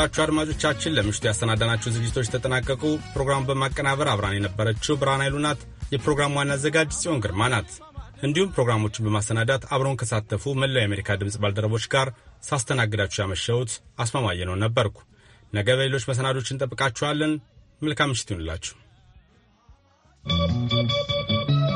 የተከበራችሁ አድማጮቻችን ለምሽቱ ያሰናዳናችሁ ዝግጅቶች ተጠናቀቁ። ፕሮግራሙን በማቀናበር አብራን የነበረችው ብርሃን ኃይሉ ናት። የፕሮግራሙ ዋና አዘጋጅ ጽዮን ግርማ ናት። እንዲሁም ፕሮግራሞቹን በማሰናዳት አብረውን ከሳተፉ መላው የአሜሪካ ድምፅ ባልደረቦች ጋር ሳስተናግዳችሁ ያመሸሁት አስማማየ ነው ነበርኩ። ነገ በሌሎች መሰናዶች እንጠብቃችኋለን። መልካም ምሽት ይሁንላችሁ።